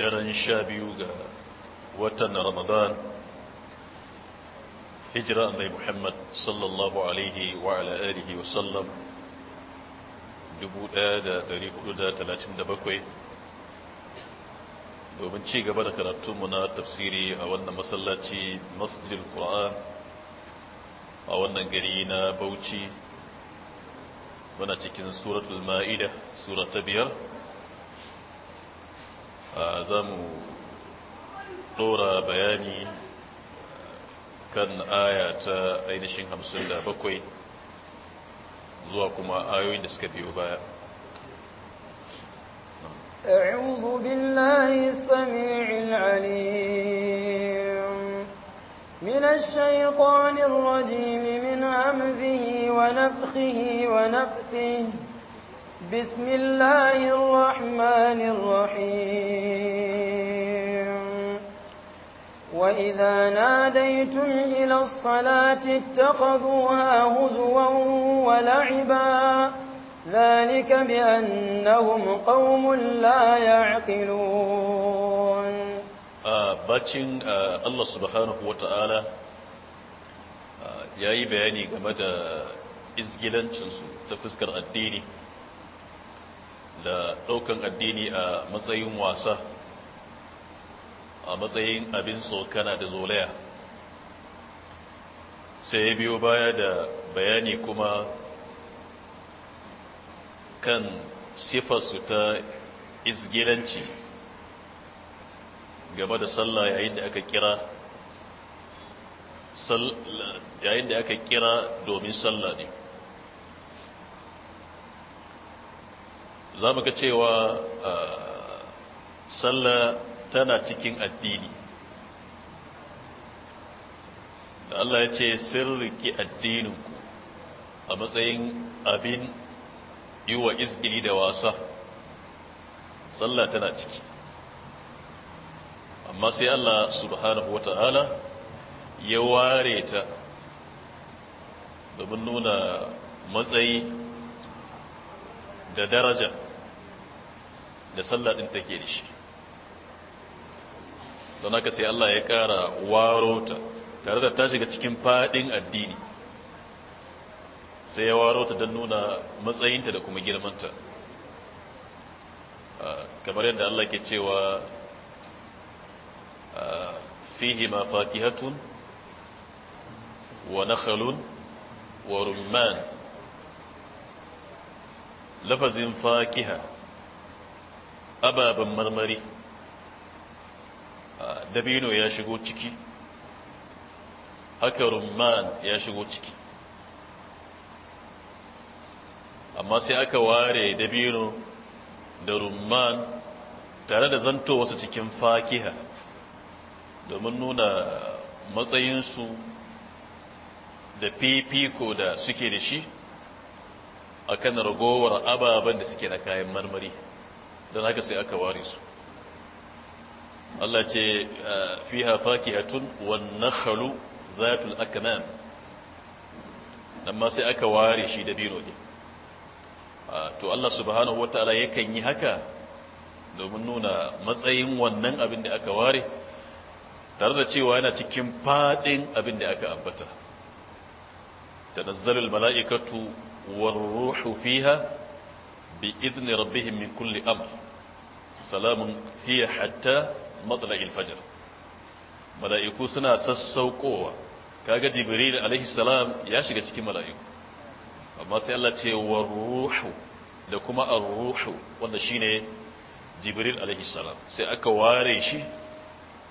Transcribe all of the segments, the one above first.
daren sha biyu ga watan ramadan hijira mai muhammad sallallahu alaihi wa ala alihi wa sallam 1437 domin ci gaba da karatunmu na tafsiri a wannan masallaci masjidil qur'an a wannan gari na bauchi muna cikin suratul ma'ida sura ta biyar za mu ɗora bayani kan aya ta ainihin hamsin da bakwai zuwa kuma ayoyin da suka biyo baya أعوذ بالله السميع العليم من الشيطان الرجيم من همزه ونفخه ونفسه بسم الله الرحمن الرحيم وَإِذَا نَادَيْتُمْ إِلَى الصَّلَاةِ اتَّخَذُوهَا هُزُوًا وَلَعِبًا ذَلِكَ بِأَنَّهُمْ قَوْمٌ لَّا يَعْقِلُونَ bacin Allah subhanahu wata'ala yayi bayani game da izgilancinsu ta fuskar addini da daukan addini a matsayin wasa a matsayin abin tsokana da zolaya sai ya biyo baya da bayani kuma kan sifasu ta izgilanci game da sallah yayin da aka kira yayin da aka kira domin sallah ne za mu ga cewa ah, sallah tana cikin addini da Allah ya ce sirriki addininku a matsayin abin yi wa izgiri da wasa sallah tana ciki amma sai Allah subhanahu wata'ala ya ware ta domin nuna matsayi da daraja da sallah ɗin take da shi don haka sai Allah ya kara ta tare da ta shiga cikin fadin addini sai ya warota don nuna matsayinta da kuma girmanta ah, kamar yadda Allah ke cewa ah, fihi ma fakihatun wa nakhalun wa rumman lafazin fakiha ababen marmari dabino ya shigo ciki haka rumman ya shigo ciki amma sai aka ware dabino da rumman tare da zanto wasu cikin fakiha domin nuna matsayinsu da fifiko da suke da shi akan ragowar ababen da suke na kayan marmari don haka sai aka ware su Allah ce ah, fiha fakihatun wan nakhlu zatul akmam amma sai aka ware shi da biro ne ah, to Allah subhanahu ta'ala yakan yi haka domin nuna matsayin wannan abin da aka ware tare da cewa yana cikin fadin abin da aka ambata tanazzalul mala'ikatu war ruhu fiha bi idni rabbihim min kulli amr salamun hiya hatta matsala'il fajar mala'iku suna sassaukowa kaga jibril alaihi ya shiga cikin mala'iku amma sai Allah ce wa ruhu da kuma ar-ruhu wanda shine jibril alaihi sai aka ware shi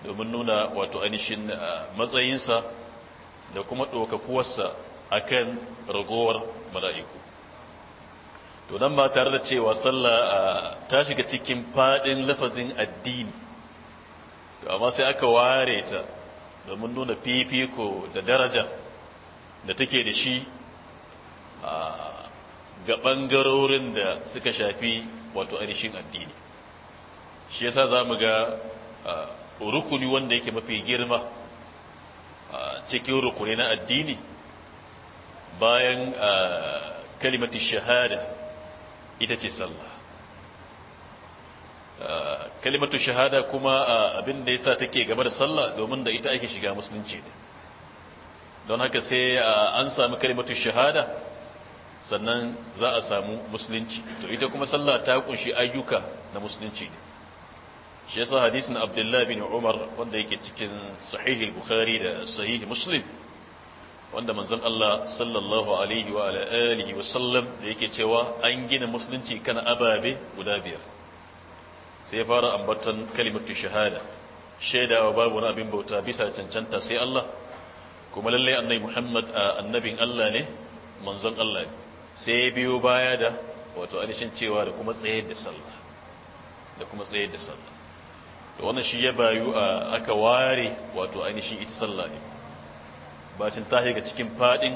domin nuna wato ainihin matsayinsa da kuma ɗaukakuwarsa akan ragowar mala'iku to nan ba tare da cewa sallah ta shiga cikin faɗin lafazin addini amma sai aka ware ta domin nuna fifiko da daraja da take da shi ga ɓangarorin da suka shafi wato ainihin addini shi yasa za mu ga rukuni wanda yake mafi girma cikin rukuni na addini bayan kalimatu shahada ita ce sallah kalimatu shahada kuma abin da yasa take gaba da sallah domin da ita ake shiga musulunci ne don haka sai an samu kalimatu shahada sannan za a samu musulunci to ita kuma sallah ta kunshi ayyuka na musulunci ne shi yasa hadisin abdullahi bin umar wanda yake cikin sahihi bukhari da sahihi muslim wanda manzon Allah sallallahu alaihi wa alihi wa sallam da yake cewa an gina musulunci kan ababe guda biyar sai ya fara ambatan kalimatu shahada shaidawa babu wani abin bauta bisa cancanta sai Allah kuma lallai annabi Muhammad annabin Allah ne manzon Allah ne sai ya biyo baya da wato alishin cewa da kuma tsayar da sallah da kuma tsayar da sallah to wannan shi ya bayu a aka ware wato ainihin ita sallah ne bacin ta ga cikin fadin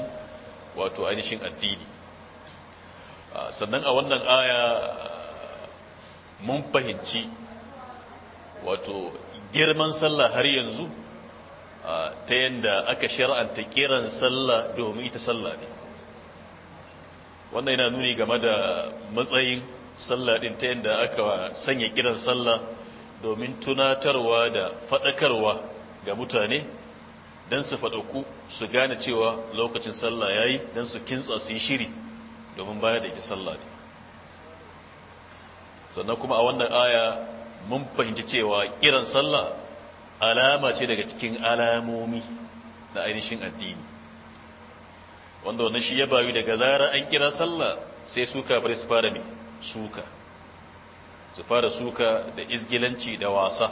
wato ainihin addini sannan a wannan aya mun fahimci wato girman sallah har yanzu ta yadda aka shar'anta kiran sallah domin ita sallah ne wannan yana nuni game da matsayin sallah din ta yadda aka sanya kiran sallah domin tunatarwa da faɗakarwa ga mutane don su faɗaku su gane cewa lokacin sallah ya yi don su kintsa su yi shiri domin baya da ita sallah ne sannan kuma a wannan aya mun fahimci cewa kiran sallah alama ce daga cikin alamomi na ainihin addini wanda wannan shi ya bayu daga zarar an kira sallah sai suka bari su fara suka su fara suka da izgilanci da wasa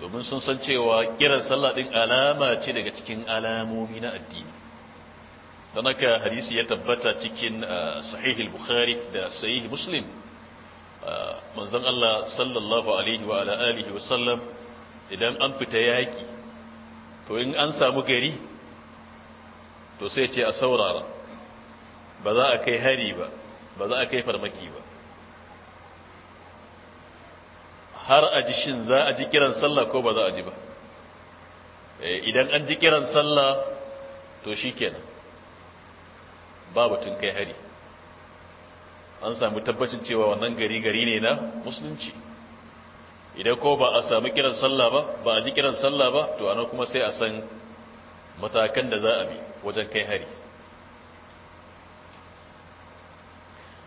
domin sun san cewa kiran sallah din alama ce daga cikin alamomi na addini don haka hadisi ya tabbata cikin ah, sahih bukhari da sahih muslim Ah, manzon Allah sallallahu alaihi wa ala alihi wa sallam idan an fita yaƙi to in an samu gari to sai ce a saurara ba za a kai hari ba ba za a kai farmaki ba har a ji shin za a ji kiran sallah ko ba za a ji ba eh, idan an ji kiran sallah to shi kenan ba batun kai hari an samu tabbacin cewa wannan gari gari ne na musulunci idan ko ba a samu kiran sallah ba ba a ji kiran sallah ba to anan kuma sai a san matakan da za a bi wajen kai hari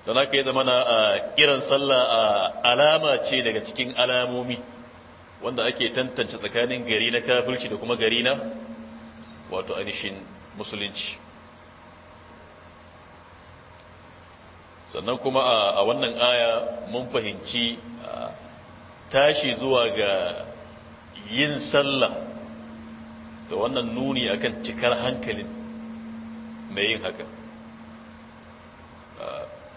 don haka ya zama na kiran sallah a alama ce daga cikin alamomi wanda ake tantance tsakanin gari na kafirci da kuma gari na wato ainihin musulunci sannan kuma a wannan aya mun fahimci tashi zuwa ga yin sallah da wannan nuni akan cikar hankalin mai yin haka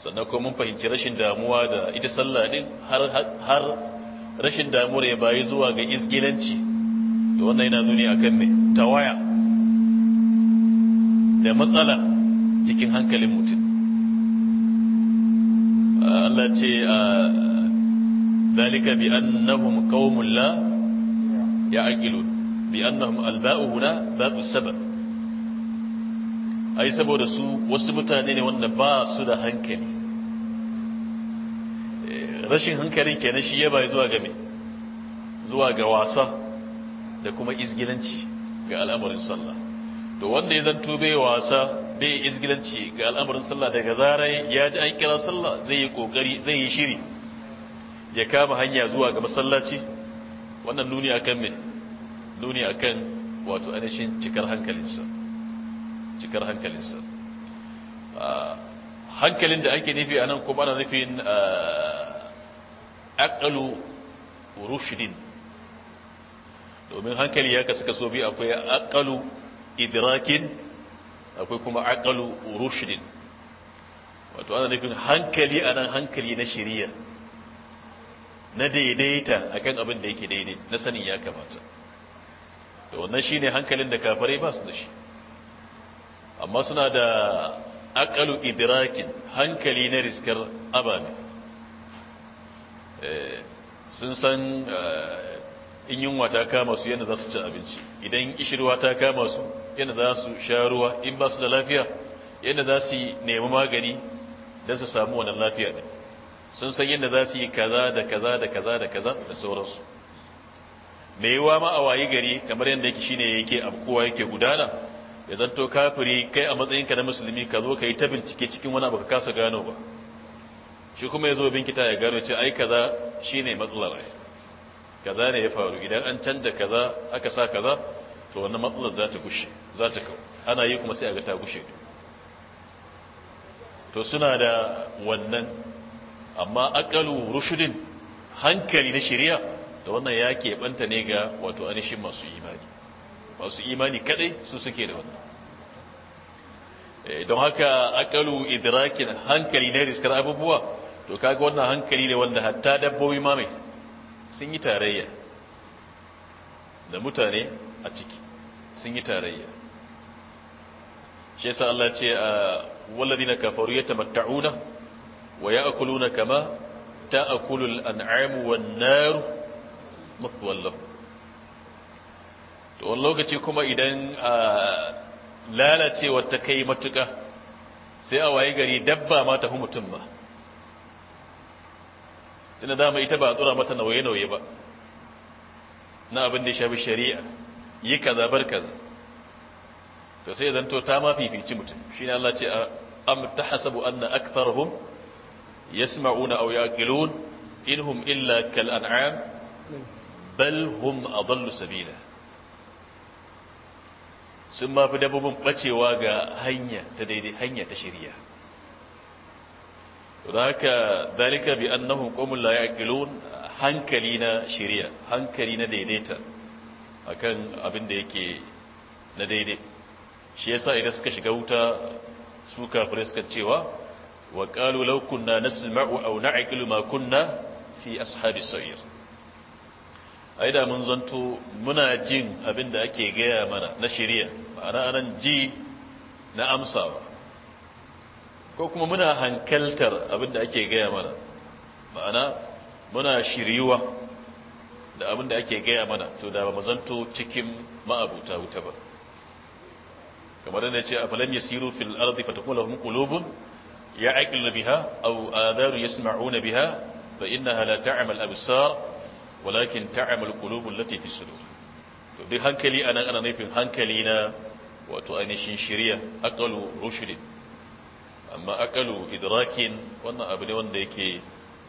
sannan kuma mun fahimci rashin damuwa da ita sallah din har rashin damuwar ya bayi zuwa ga izgilanci da wannan yana nuni akan mai tawaya da matsala cikin hankalin mutum Allah ce dalika ah, bi annahum qaumul la bi annahum alba'u huna babu sabab ai saboda su wasu mutane ne wanda ba su da hankali eh, rashin hankalin kenan shi ya bai zuwa ga me zuwa ga wasa da kuma izgilanci ga al'amarin sallah to wanda ya zanto bai wasa bai izgilanci ga al'amarin sallah daga zarai ya ji an kira sallah zai yi kokari zai yi shiri ya kama hanya zuwa ga masallaci wannan nuni akan me nuni akan wato ainihin cikar hankalinsa cikar hankalinsa ah, hankalin da ake nufi a anan kuma ana nufin ah, aqalu rushdin domin hankali ya kasu kaso bi akwai aqalu idrakin akwai kuma aqalu rushdin wato ana nufin hankali anan hankali na shari'a na daidaita akan abin da yake daidai na sanin ya kamata to wannan shine hankalin da kafirai ba su da shi amma suna da aqalu idrakin hankali na riskar ababe eh, sun san eh, in yunwa ta kama su yadda za su ci abinci idan ishirwa ta kama su yana za su sha ruwa in ba su da lafiya yana za su nemi magani da su samu wannan lafiya ne sun san yadda za su yi kaza da kaza da kaza da kaza da sauransu me yiwa ma a wayi gari kamar yadda yake shine yake abkowa yake gudana ya zanto kafiri kai a matsayinka na musulmi ka zo ka yi ta bincike cikin wani abu ka kasa gano ba shi kuma ya zo binkita ya gano ce ai kaza shine matsalar ai kaza ne ya faru idan an canja kaza aka sa kaza to wannan matsalar za ta gushe za ta kawo ana yi kuma sai a ga ta gushe to suna da wannan amma akalu rushudin hankali na shari'a da wannan ya keɓanta ne ga wato anishin masu imani masu imani kadai su suke da wannan eh, don haka akalu idrakin hankali na riskar abubuwa to kaga wannan hankali ne wanda hatta dabbobi ma mai sun yi tarayya da mutane a ciki sun yi tarayya shi yasa Allah ce ah, walladina kafaru yatamatta'una wa ya'kuluna kama ta'kulu al-an'amu wan-nar to lokaci kuma idan ah, lalacewar ta kai matuka sai a waye gari dabba ma fi mutum ba ina dama ita ba a tsura mata nauye-nauye ba na abin da ya shafi shari'a yi kaza bar to sai zan to ta ma fifici mutum shine Allah ce am tahasabu anna aktharuhum yasma'una aw yaqilun inhum illa kal an'am bal hum adallu sabila sun ma fi dabbobin bacewa ga hanya ta daidai hanya ta shirya haka dalika bi annahum qawmun la yaqilun hankali na shirya hankali na daidaita akan abin da yake na daidai shi yasa idan suka shiga wuta su kafirai suka cewa wa qalu law kunna nasma'u aw na'qilu ma kunna fi ashabi sa'ir aida mun zanto muna jin abin da ake gaya mana na shari'a ma'ana anan ji na amsawa ko kuma muna hankaltar abin da ake gaya mana ma'ana muna shiriwa da abin da ake gaya mana to da ba mu zanto cikin ma'abuta wuta ba kamar da ce afalam yasiru fil ardi fatakun lahum qulubun ya'qilu biha aw adaru yasma'una biha fa innaha la ta'mal absar walakin ta'mal qulubul lati fi sudur to duk hankali anan ana nufin hankali na wato ainihin shiriya aqalu rushdin amma aqalu idrakin wannan abu ne wanda yake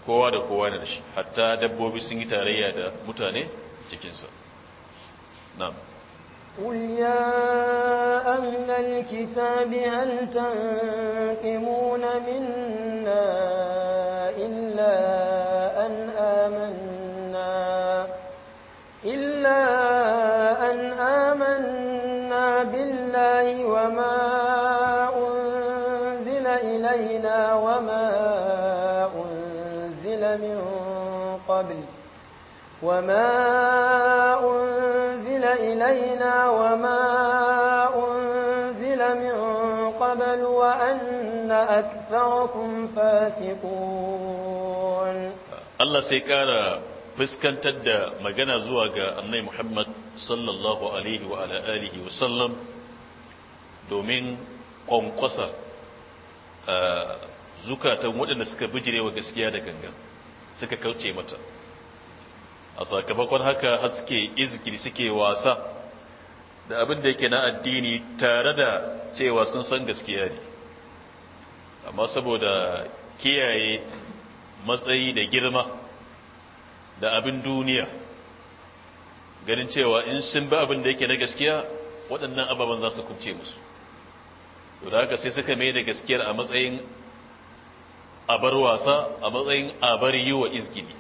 kowa da kowa ne da shi hatta dabbobi sun yi tarayya da mutane cikinsa na'am قل يا أهل الكتاب هل تنقمون منا إلا أن آمنا إلا أن آمنا بالله وما أنزل إلينا وما أنزل من قبل وما إِلَيْنَا وَمَا أُنزِلَ مِن قَبْلُ وَأَنَّ أَكْثَرَكُمْ فَاسِقُونَ Allah sai ƙara fuskantar da magana zuwa ga annai Muhammad sallallahu alaihi wa ala alihi wa sallam domin ƙwanƙwasa zukatan waɗanda suka bijirewa gaskiya da gangan suka kauce mata a sakamakon haka haske izgiri suke wasa da abin da yake na addini tare da cewa sun san gaskiya ne amma saboda kiyaye matsayi da girma da abin duniya ganin cewa in sun ba abin da yake na gaskiya waɗannan ababen za su kubce musu to da haka sai suka mai da gaskiyar a matsayin abar wasa a matsayin abar yi wa izgini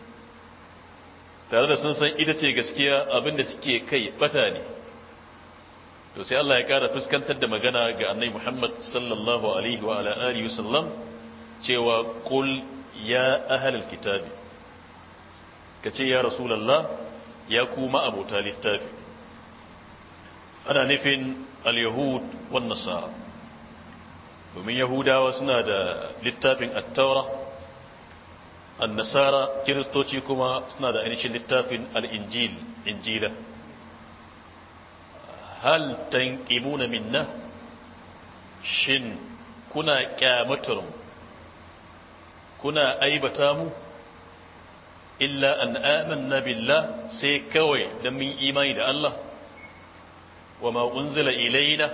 tare da sun san ita ce gaskiya abin da suke kai bata ne to sai Allah ya kara fuskantar da magana ga annabi Muhammad sallallahu alaihi wa ala alihi wasallam cewa qul ya ahlal kitabi kace ya rasulullah ya kuma abota littafi ana nufin al-yahud wan nasara domin yahudawa suna da littafin at-taura an-nasara kiristoci kuma suna da ainihin littafin al-injil injila Haltan tanqimuna minna shin kuna kyamatar mu kuna aibata mu illa al'aman amanna billah sai kawai dan mun imani da Allah wama unzila ilaina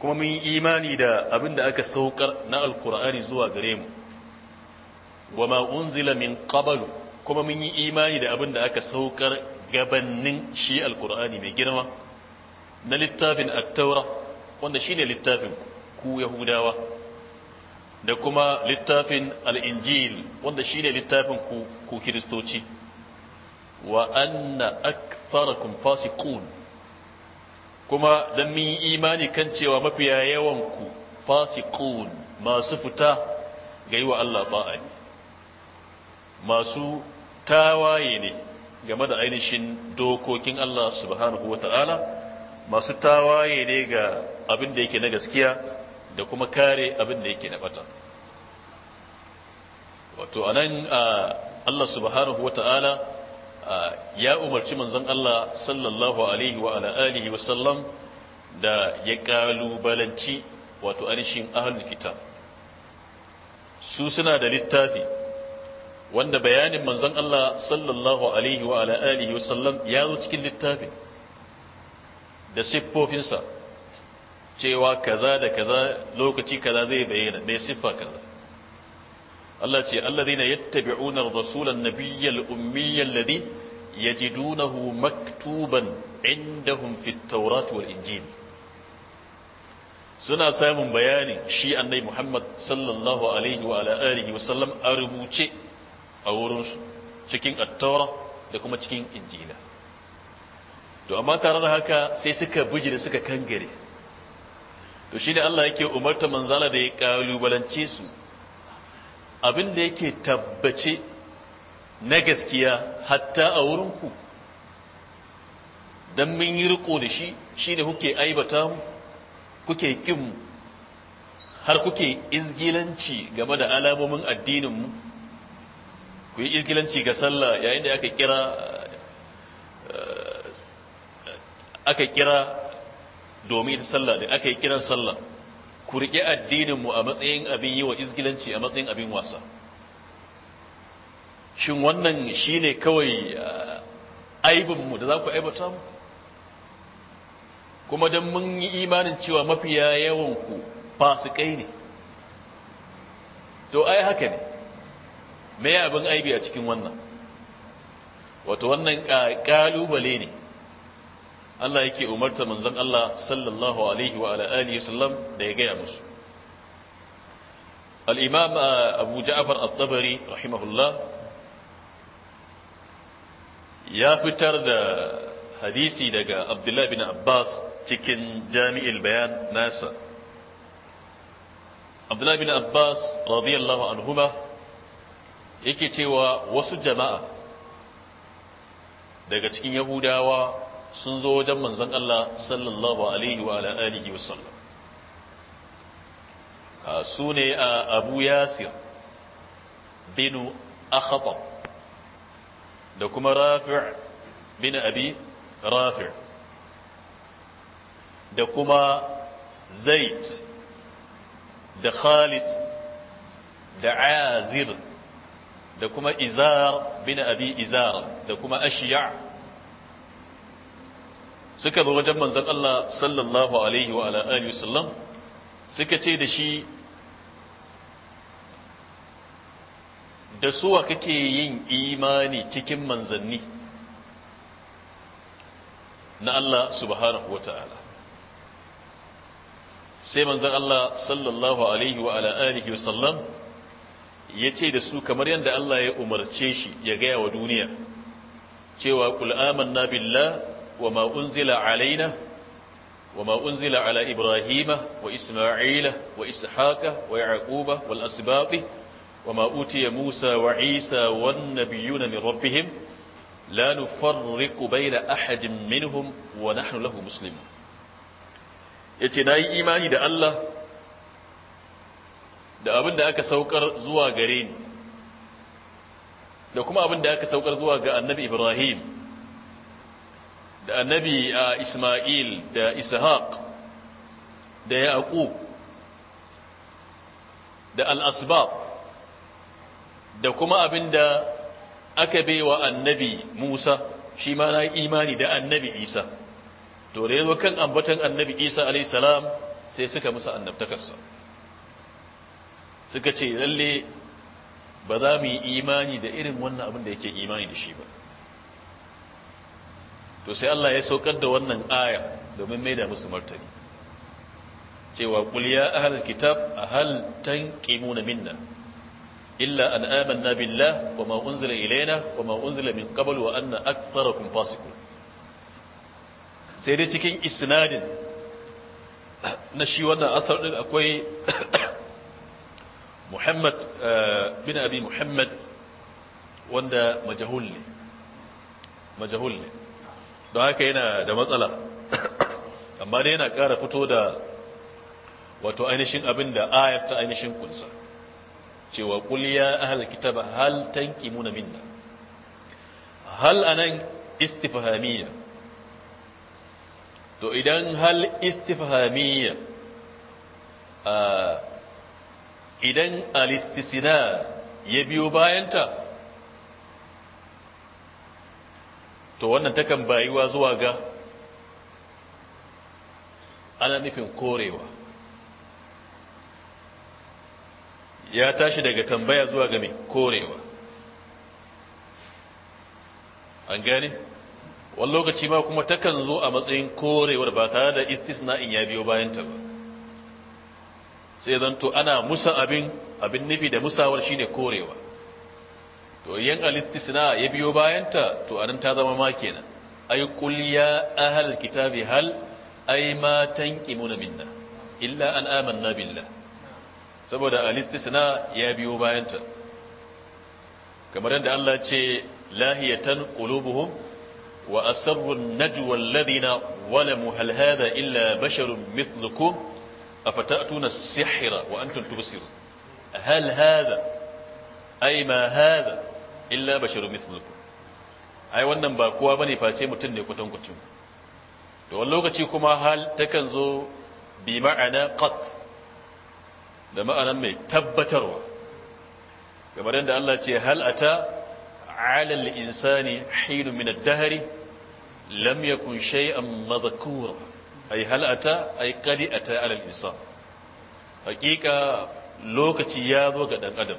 kuma mun imani da abinda aka saukar na alkur'ani zuwa gare mu wama unzila min qablu kuma mun yi imani da abinda aka saukar gabannin shi alkur'ani mai girma na littafin attaura wanda ne littafin ku yahudawa da kuma littafin al'injil wanda shine littafin ku kiristoci wa anna aktharakum fasiqun kuma dan mun yi imani kan cewa mafiya yawan ku masu fita ga yi wa Allah ba'a masu tawaye ne game da ainihin dokokin Allah subhanahu wa ta'ala masu tawaye ne ga abin da yake na gaskiya da kuma kare abin da yake na bata wato anan Allah subhanahu wata'ala ya umarci manzon Allah sallallahu alaihi wa alihi wa sallam da ya kalubalanci wato anishin ahlul kitab su suna da littafi wanda bayanin manzon Allah sallallahu alaihi wa alihi wa sallam ya zo cikin littafin da siffofinsa cewa kaza da kaza lokaci kaza zai bayyana mai siffa kaza Allah ce allazina yattabi'una ar-rasulan nabiyyal ya ji dunahu maktuban indahum fit-taurati wal suna samun bayani shi annai Muhammad sallallahu alaihi wa ala wa a rubuce a wurinsu cikin attaura da kuma cikin injina. to amma tare da haka sai suka buji da suka kangare to shi ne Allah yake umarta manzala da ya kalubalance su abin da yake tabbace na gaskiya hatta a wurinku don mun yi riko da shi shi ne kuke aibata mu kuke kin har kuke izgilanci game da alamomin addinin mu ku yi izgilanci ga sallah yayin da aka kira aka kira domin sallah da aka yi kiran sallah ku riƙe addininmu a matsayin abin yi wa izgilanci a matsayin abin wasa shin wannan shi ne kawai ah, aibinmu da za ku aibata mu kuma don mun yi imanin cewa mafiya yawanku fasikai ne to ai haka ne me abin aibi a cikin wannan wato wannan ah, ƙalubale ne Allah yake umarta manzon Allah sallallahu alaihi wa ala alihi wasallam da ya gaya musu al-imam uh, Abu Ja'far at-Tabari rahimahullah ya fitar da hadisi daga Abdullah bin Abbas cikin Jami'il Bayan nasa Abdullah bin Abbas radiyallahu anhuma yake cewa wasu jama'a daga cikin Yahudawa sun zo wajen manzon Allah sallallahu alaihi wa alihi wasallam su ne Abu Yasir bin Akhtab da kuma Rafi' bin Abi Rafi' da kuma Zaid da Khalid da Azir da kuma Izar bin Abi Izar da kuma Ashiya' suka zo wajen manzon Allah sallallahu alaihi wa alihi wasallam suka ce da shi da suwa kake yin imani cikin manzanni na Allah subhanahu ta'ala. sai manzon Allah sallallahu alaihi wa alihi wasallam ya ce da su kamar yadda Allah ya umarce shi ya gaya wa duniya cewa kul amanna billah وما أنزل علينا وما أنزل على إبراهيم وإسماعيل وإسحاق ويعقوب والأسباط وما أوتي موسى وعيسى والنبيون من ربهم لا نفرق بين أحد منهم ونحن له مسلمون يتناي إيماني دا الله da abin da aka saukar zuwa gare ni da kuma abin da aka saukar zuwa ga annabi Ibrahim da annabi Ismail da Ishaq da Yaqub da al-asbab da kuma abinda aka baiwa annabi Musa shi ma na imani da annabi Isa to da zo kan ambatan annabi Isa alayhi sai suka musa annabtakarsa suka ce lalle ba za mu yi imani da irin wannan abin da yake imani da shi ba to sai Allah ya saukar da wannan aya domin mai da musu martani cewa qul a ahlal kitab hal tanqimuna minna illa an amanna billa wa maun unzila ilayna wa maun unzila min qabl wa anna aktharakum fasiqun sai dai cikin isnadin na shi wannan asar din akwai Muhammad eh, bin Abi Muhammad wanda majahul ne majahul ne don haka yana da matsala amma dai yana ƙara fito da wato ainihin abin da ayar ta ainihin kunsa cewa kuliya ahal kitaba hal muna minna hal anan istifhamiyya to idan hal istifhamiyya ah, idan alistisina ya biyo bayanta to wannan takan bayuwa zuwa ga ana nufin korewa ya tashi daga tambaya zuwa ga mai korewa an gani. wani lokaci ma kuma takan zo a matsayin korewar ba tare da in ya biyo bayanta ba sai zanto ana musa abin abin nufi da musawar shine korewa to yan alistisna ya biyo bayanta to anan ta zama ma kenan ay qul ya ahlal kitabi hal ay ma tanqimuna minna illa an amanna billah saboda alistisna ya biyo bayanta kamar yadda Allah ce lahiyatan qulubuhum wa asarru najwa alladhina walamu hal hadha illa basharun mithlukum afata'tuna as-sihra wa antum tubsirun hal hadha ay ma hadha illa bashiru mislukum ai wannan ba kowa bane face mutum ne kutan kucin to wani lokaci kuma hal takan zo bi ma'ana qat da ma'ana mai tabbatarwa kamar yadda Allah ce hal ata ala al-insani hinun min ad-dahri lam yakun shay'an madhkura ai hal ata ai qad ata ala al-insan lokaci ya zo ga dan adam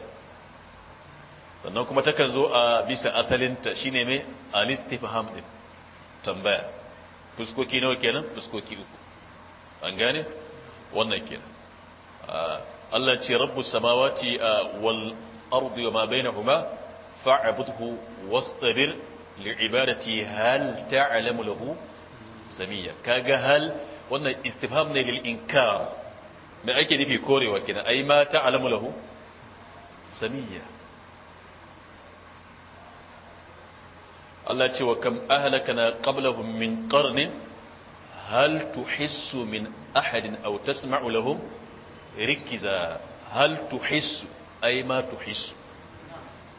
sannan kuma takan zo a bisa asalinta shine mai alistifham din tambaya fuskoki nawa kenan fuskoki uku an gane wannan kenan Allah ce rabbus samawati wal ardi wa ma bainahuma fa'budhu wastabir li'ibadati hal ta'lamu lahu samiya kaga hal wannan istifham ne lil inkar me ake nufi korewa kenan ai ma ta'lamu lahu samiya Allah ce wa kam ahlakana qablahum min qarnin hal tuhissu min ahadin aw tasma'u lahum rikiza hal tuhissu ay ma tuhissu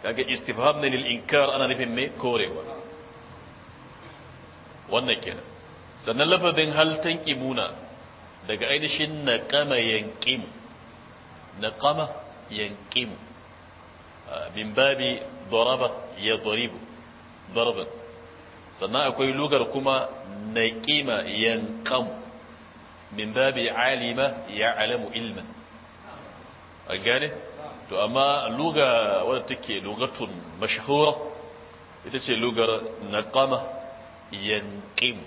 kaga istifham ne lil inkar ana nufin me korewa wannan kenan sannan lafazin hal tanqimuna daga ainihin naqama yanqimu naqama yanqimu ah, min babi daraba yadribu darban sannan akwai lugar kuma naqima yanqam min babi alima alamu ilman a gane to amma luga wadda take lugatun mashahura ita ce lugar naqama yanqim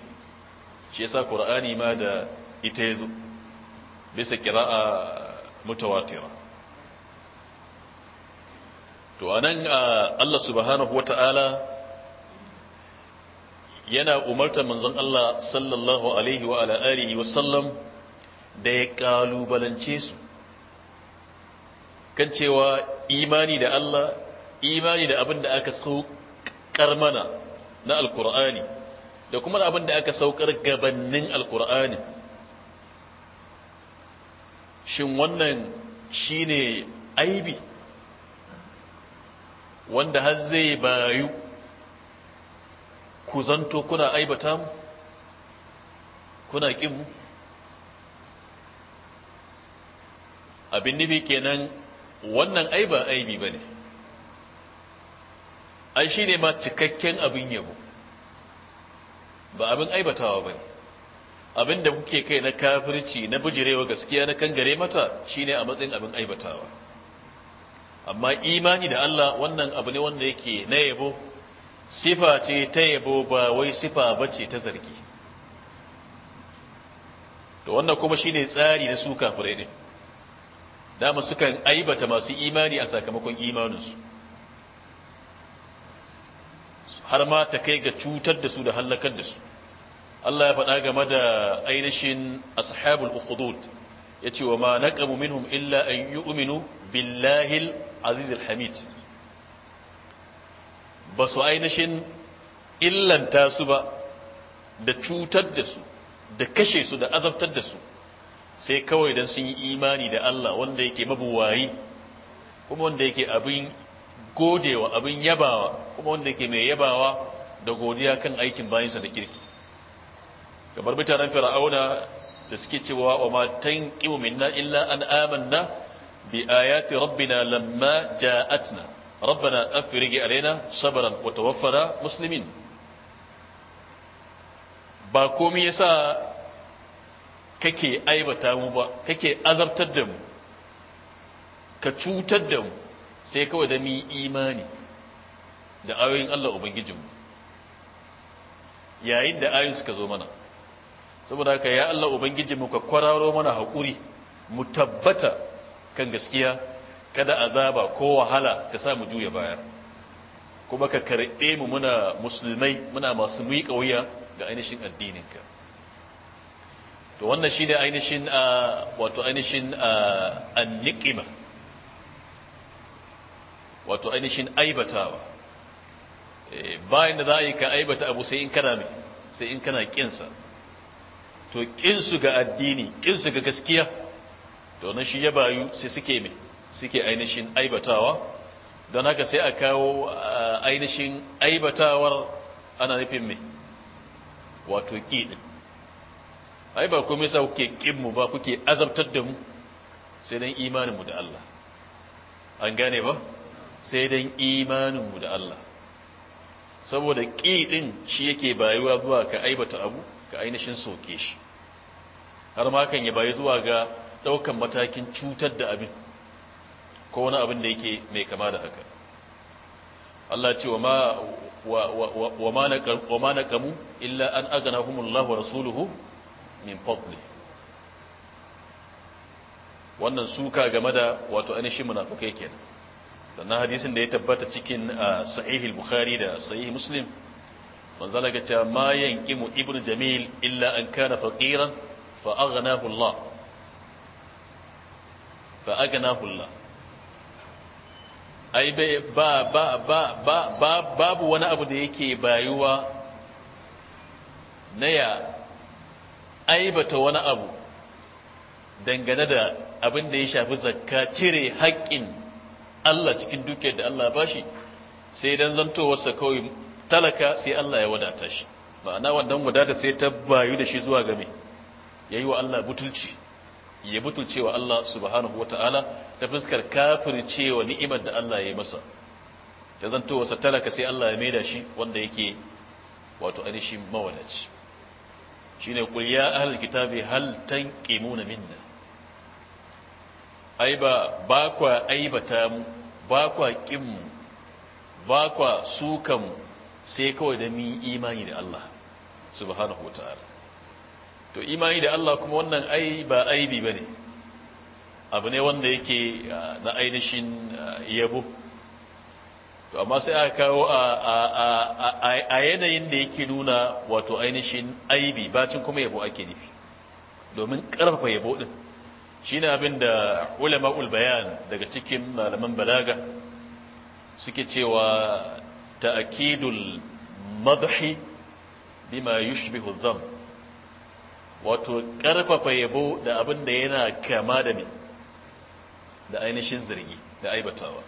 shi yasa qur'ani ma da ita yazo bisa qira'a mutawatira to anan ah, Allah subhanahu ta'ala. yana umarta manzon Allah sallallahu alaihi wa ala alihi wa sallam da ya kalubalance su kan cewa imani da Allah imani da abin da aka saukar mana na alkur'ani da kuma abin da aka saukar gabannin alkur'ani shin wannan shine aibi wanda har zai bayu ku zanto kuna aibata mu kuna ƙin mu abin nufi kenan wannan aiba aibi ba ne ai shi ne ma cikakken abin yabo ba abin aibatawa ba ne abin da kuke kai na kafirci na bujirewa gaskiya na kangare mata shine a matsayin abin aibatawa amma imani da Allah wannan abu ne wanda yake na yabo sifa ce ta yabo ba wai sifa bace ta zargi to wannan kuma shine tsari na su kafirai ne dama sukan aibata masu imani a sakamakon imaninsu har ma ta kai ga cutar da su da hallakar da su Allah ya faɗa game da ainihin ashabul ukhudud yace wa ma naqamu minhum illa an yu'minu billahi al-aziz al-hamid ba su ainihin illanta su ba da cutar da su da kashe su da azabtar da su sai kawai don sun yi imani da Allah wanda yake mabuwayi kuma wanda yake abin godewa abin yabawa kuma wanda yake mai yabawa da godiya kan aikin bayansa da kirki kamar mutanen fir'auna da suke cewa wa ma tanqimu minna illa an amanna bi ayati rabbina lamma ja'atna ربنا أفرج علينا صبرا وتوفنا مسلمين ba komai yasa kake aibata mu ba kake azabtar da mu ka cutar da mu sai kawai da mu imani da ayoyin Allah ubangijinmu yayin da ayoyin suka zo mana saboda haka ya Allah ubangijinmu ka kwararo mana haƙuri mu tabbata kan gaskiya kada azaba ko wahala ka sa mu juya baya kuma ka karɓe mu muna musulmai muna masu muyi kauya ga ainihin addininka to wannan shine ainihin wato ainihin annikima, wato ainihin aibatawa eh, bayan da za a yi ka aibata abu sai in kana sai in kana kinsa to kinsu ga addini kinsu ga gaskiya to nan shi ya bayu sai suke mai suke ainihin aibatawa don haka sai a kawo ah, ainihin aibatawar ana nufin mai wato ƙiɗin ai ba kuma yasa kuke ƙinmu ba kuke azabtar da mu sai don imaninmu da Allah an gane ba sai don imaninmu da Allah saboda ƙiɗin shi yake bayuwa zuwa ka aibata abu ka ainihin soke shi har kan ya bayu zuwa ga ɗaukan matakin cutar da abin ko wani abin da yake mai kama da haka Allah ce wa ma kamu illa an aganahumullahu wa rasuluhu min fadli wannan suka game da wato ainihin munafikai kenan sannan hadisin da ya tabbata cikin ah, sahihul bukhari da sahih muslim manzala daga cewa ma yankimu ibnu jamil illa an kana faqiran fa aghnahu Allah fa aghnahu Allah ai ba ba ba ba babu wani abu da yake bayuwa na ya aibata wani abu dangane da abin da ya shafi zakka cire haƙƙin Allah cikin dukiyar da Allah bashi sai dan zantowarsa kawai talaka sai Allah ya wadata shi ma'ana wannan wadata sai ta bayu da shi zuwa game yayi wa Allah butulci ya cewa Allah subhanahu wataala ta fuskar kafircewa ni'imar da Allah ya yi masa ta zanto wasa talaka sai Allah ya maida shi wanda yake wato ainihin mawalaci shine qul ya ahlul kitabi hal tanqimuna minna ai ba ba kwa aibata mu ba kwa mu ba kwa sukan sai kawai da mu imani da Allah subhanahu wataala to imani da Allah kuma wannan ai ba aibi bane abu ne wanda yake ah, na ainihin ah, yabo to amma sai aka kawo a yanayin da yake nuna wato ainihin aibi bacin kuma yabo ake nufi domin karfafa yabo din shine abin da ulama'ul bayan daga cikin malaman balaga suke cewa ta'kidul madhi bima yushbihu dhanb wato karfafa yabo da abin da yana kama da me da ainihin zargi da aibatawa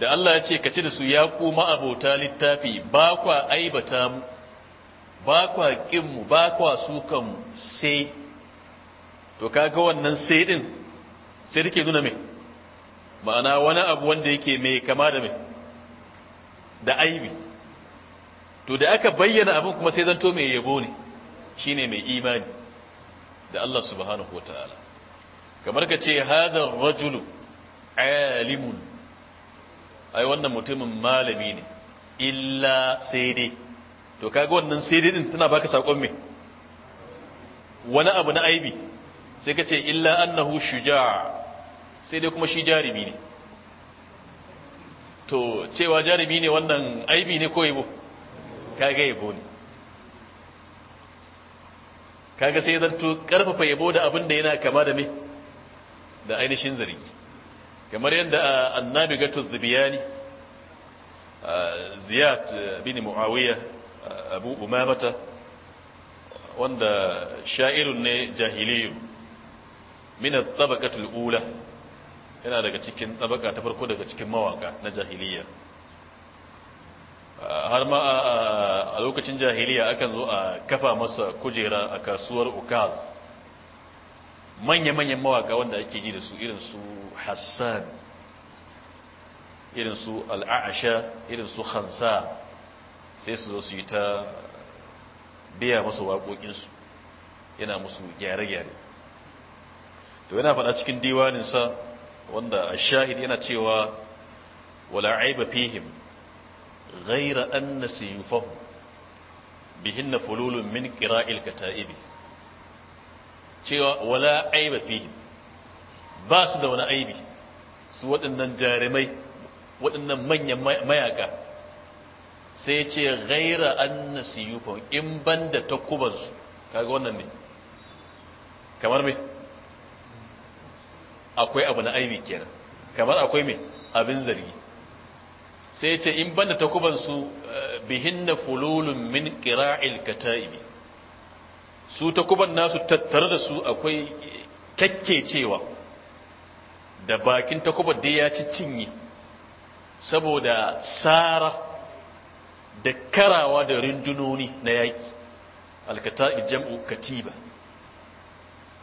da Allah ya ce ka ci da su ya kuma abota littafi ba kwa aibata mu ba kwa kin mu ba kwa sukan mu sai to kaga wannan sai din sai take nuna me ma'ana wani abu wanda yake mai kama da me da aibi to da aka bayyana abin kuma sai zanto mai yabo ne shine mai imani da Allah subhanahu wataala kamar ka ce hadha rajulu alimun ai wannan mutumin malami ne illa sai dai to kaga wannan sai dai din tana baka sakon me wani abu na aibi sai ka ce illa annahu shuja' sai dai kuma shi jarimi ne to cewa jarimi ne wannan aibi ne ko yabo kaga yabo ne kaga sai zarto karfafa yabo da abin da yana kama da me da ainihin zargi kamar yadda annabi gatu zubiyani ziyad bin muawiya abu umamata wanda sha'irun ne jahiliyu min at-tabaqatul ula yana daga cikin tabaka ta farko daga cikin mawaka na jahiliya har ma a lokacin jahiliya aka zo a kafa masa kujera a kasuwar ukaz manya-manyan mawaka wanda ake ji da su irin su hassan irin al'asha irin hansa sai su zo su yi ta biya masa waƙoƙinsu yana musu gyare-gyare to yana faɗa cikin diwaninsa wanda a shahid yana cewa wala aiba fihim ghaira anna siyufahu bihinna fululun min qira'il kata'ibi cewa wala aiba ba su da wani aibi su waɗannan jarumai waɗannan manyan mayaka sai ce ghaira anna siyufahu in banda takubansu kaga wannan ne kamar me akwai abu na aibi kenan kamar akwai me abin zargi sai ce in banda takuban su eh, bihinna fululun min qira'il kata'ibi su takuban nasu tattare da su akwai cewa da bakin takuban da ya ci cinye saboda tsara da karawa da rindunoni na yaki alkata'i jam'u katiba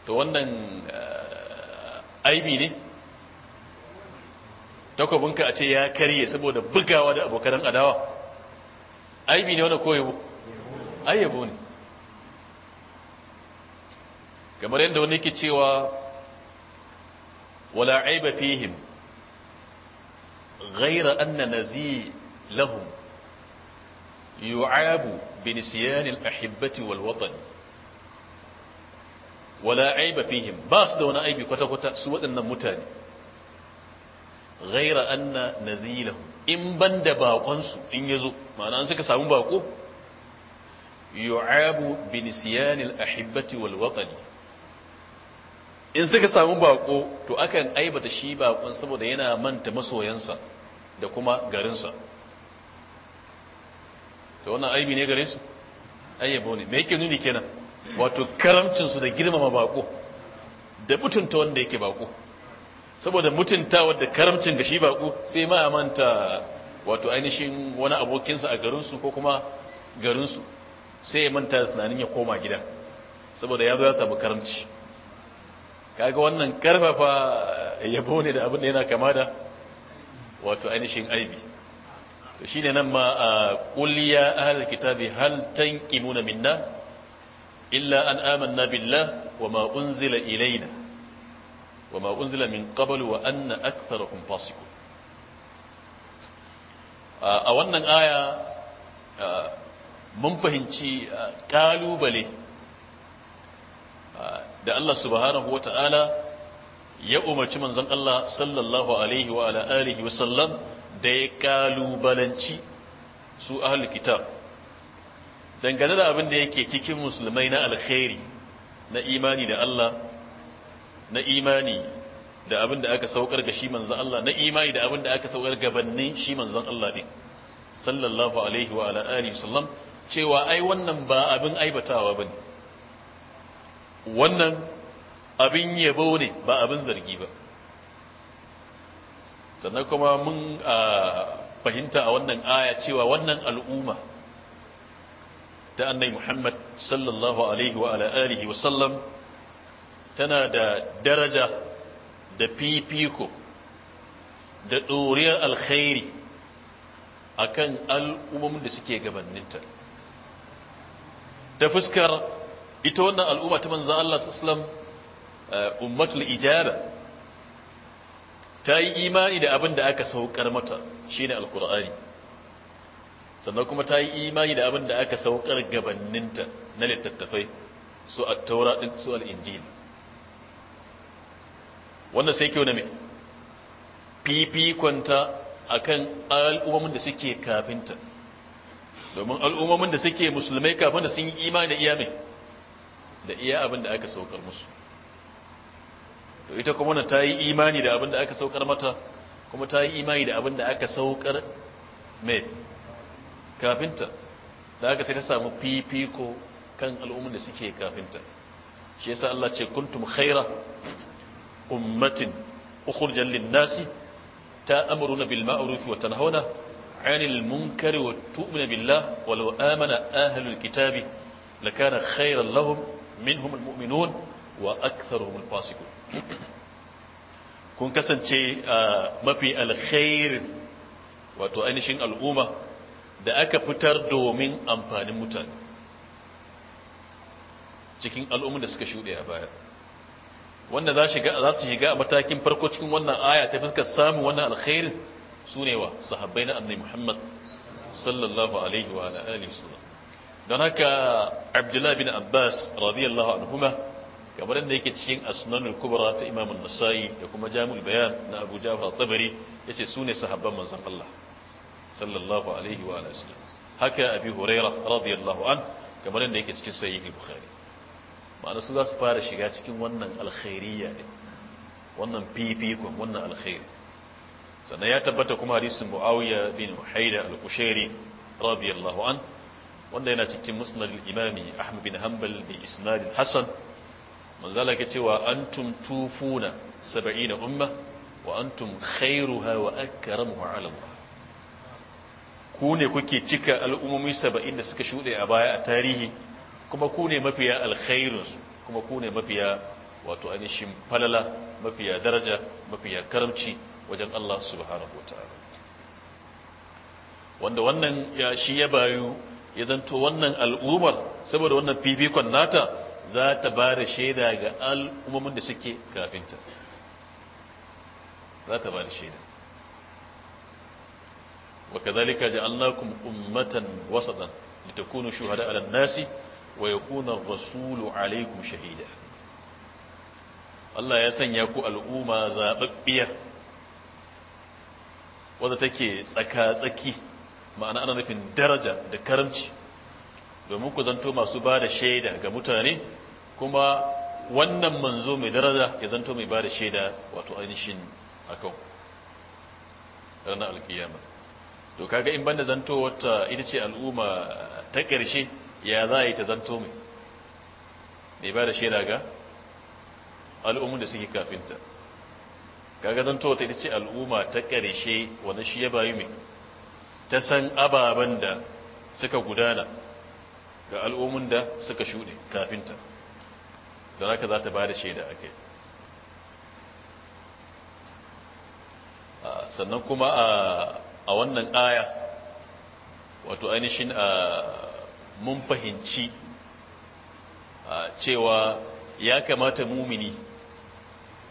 to wannan eh, aibi ne takwabinka a ce ya karye saboda bugawa da abokan adawa aibi ne wani koyo ai ne kamar yadda wani ke cewa wala aiba fihim غير أن نزي لهم يعاب بنسيان الأحبة والوطن ولا عيب فيهم da wani aibi kwata-kwata su waɗannan mutane. ghaira anna nazilahu in banda bakon su in yazo ma'ana an suka samu bako yu'abu bi nisyan al-ahibbati wal watani in suka samu bako to akan aibata shi bakon saboda yana manta masoyansa da kuma garinsa to wannan aibi ne gare su ayyabo ne me yake nuni kenan wato karamcin su da girmama bako da mutunta wanda yake bako saboda mutuntawa da karamcin ga shi baku sai ma manta wato ainihin wani abokinsa a garinsu ko kuma garinsu sai ya manta tunanin ya koma gida saboda ya zo ya samu karamci kaga wannan karfafa yabo ne da abin da yana kama da wato ainihin aibi to shine nan ma a kulliya ahlul kitabi hal tanqimuna minna illa an amanna billah wa ma unzila ilaina wa ma unzila min qablu wa anna aktharahum a wannan aya mun fahimci kalubale da Allah subhanahu Ta'ala ya umarci manzon Allah sallallahu alaihi wa ala alihi wa sallam da ya kalubalanci su ahlul kitab dangane da abin da yake cikin musulmai na alkhairi na imani da Allah na imani da abin da aka saukar ga shi manzon Allah na imani da abin da aka saukar gabannin shi manzon Allah ne. sallallahu alaihi wa ala alihi sallam cewa ai wannan ba abin aibatawa ba ne. wannan abin yabo ne ba abin zargi ba sannan kuma mun fahimta a wannan aya cewa wannan al'umma ta annai Muhammad sallallahu alaihi wa ala alihi wa sallam tana da daraja da fifiko da ɗoriyar alkhairi a kan al'ummomin da suke gabaninta ta fuskar ita wannan al'umma ta manzan Allah islam eh, ummatul ijara ta yi imani da abin da aka saukar mata shi ne alkur'ani sannan kuma ta yi imani da abin da aka saukar gabaninta na littattafai su a taura ɗin su al'injili wannan sai kyau na mai fifikonta a kan al'ummomin da suke kafinta domin al'ummomin da suke musulmai kafin da sun yi imani da iya mai da iya abin da aka saukar musu to ita kuma na ta yi imani da abin da aka saukar mata kuma ta yi imani da abin da aka saukar mai kafinta da aka sai ta samu fifiko kan al'ummomin da suke kafinta shi yasa Allah ce kuntum khaira ummatin ukhurjan lin-nasi ta'muruna bil ma'ruf wa tanhauna 'anil billa wa tu'minu billah walau amana ahlul kitabi lakana khayran lahum minhum al-mu'minun wa aktharuhum al-fasiqun kun kasance mafi alkhair wato ainihin al'umma da aka fitar domin amfanin mutane cikin al'umman da suka shuɗe a baya wanda za su shiga a matakin farko cikin wannan aya ta fuskar samun wannan alkhairin su ne wa sahabbai na annabi Muhammad sallallahu alaihi wa alihi wasallam don haka abdullahi bin Abbas radiyallahu anhuma kamar da yake cikin as-sunanul kubra ta Imam an-Nasa'i da kuma Jami'ul Bayan na Abu Ja'far at-Tabari yace su ne sahabban manzon Allah sallallahu alaihi wa alihi wasallam haka Abi huraira radiyallahu an kamar da yake cikin Sahih Bukhari ma'ana su za su fara shiga cikin wannan alkhairiyya ne wannan fifikon wannan alkhairi sannan ya tabbata kuma hadisin muawiya bin haida al-kushairi radiyallahu an wanda yana cikin musnad imami ahmad bin hanbal bi isnad hasan manzala ke cewa antum tufuna 70 umma wa antum khairuha wa akramuha ala Allah ku ne kuke cika al'ummomi 70 da suka shude a baya a tarihi kuma ku ne mafiya alkhairinsu kuma ku ne mafiya wato ainihin falala mafiya daraja mafiya karamci wajen Allah subhanahu wataala wanda wannan ya shi ya bayu ya zanto wannan al'ummar saboda wannan fifikon nata za ta ba da shaida ga al'ummomin da suke kafinta za ta ba da shaida وكذلك جعلناكم أمة وسطا لتكونوا شهداء على الناس wa yakuna ar-rasulu alaykum shahida Allah ya sanya ku al'umma zababbiya wanda take tsaka tsaki ma'ana ana nufin daraja da karamci domin ku zanto masu bada shaida ga mutane kuma wannan manzo mai daraja ya zanto mai bada shaida wato ainihin akan ranar alkiyama to kaga in banda zanto wata ita ce al'umma ta ƙarshe ya za a yi ta zanto mai mai ba da shaida ga al’ummu da suke kafinta kaga zanto ta ita ce al'umma ta ƙarshe wanda shi ya bayu mai ta san ababen da suka gudana ga al'ummun da suka shuɗe kafinta don haka za ta ba da shaida a kai sannan kuma a wannan aya wato ainihin a mun fahimci cewa ya kamata mumini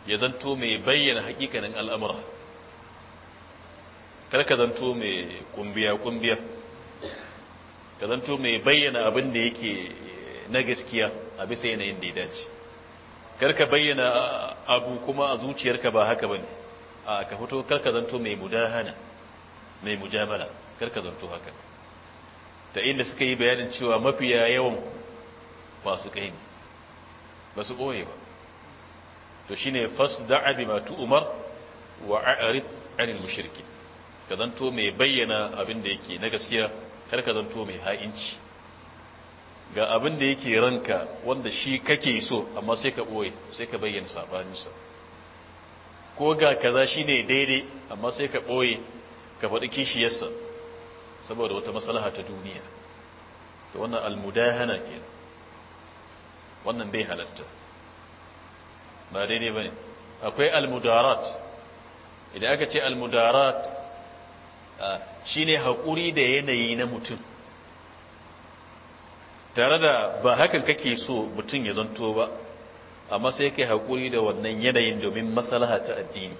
ya zanto mai bayyana hakikanin al'amura karka zanto mai kumbiya-kumbiya ka zanto mai bayyana abin da yake na gaskiya a bisa yanayin da ya dace karka bayyana abu kuma a zuciyarka ba haka bane a ka fito karka zanto mai mudahana mai mujamala karka zanto haka da inda suka yi bayanin cewa mafiya yawan su kai ne ba su ɓoye ba to shine ne fasda'a bi matu umar wa a'arid anil mushriki ka zanto mai bayyana abin da yake na gaskiya kar ka zanto mai ha'inci ga abin da yake ranka wanda shi kake so amma sai ka ɓoye sai ka bayyana sabaninsa ko ga kaza shine daidai amma sai ka ɓoye ka faɗi kishiyarsa saboda wata maslaha ta duniya to wannan almudahana ke wannan bai halatta ba daidai ba ne akwai almudarat idan aka ce almudarat ne haƙuri da yanayi na mutum tare da ba hakan kake so mutum ya zanto ba amma sai kai haƙuri da wannan yanayin domin maslaha ta addini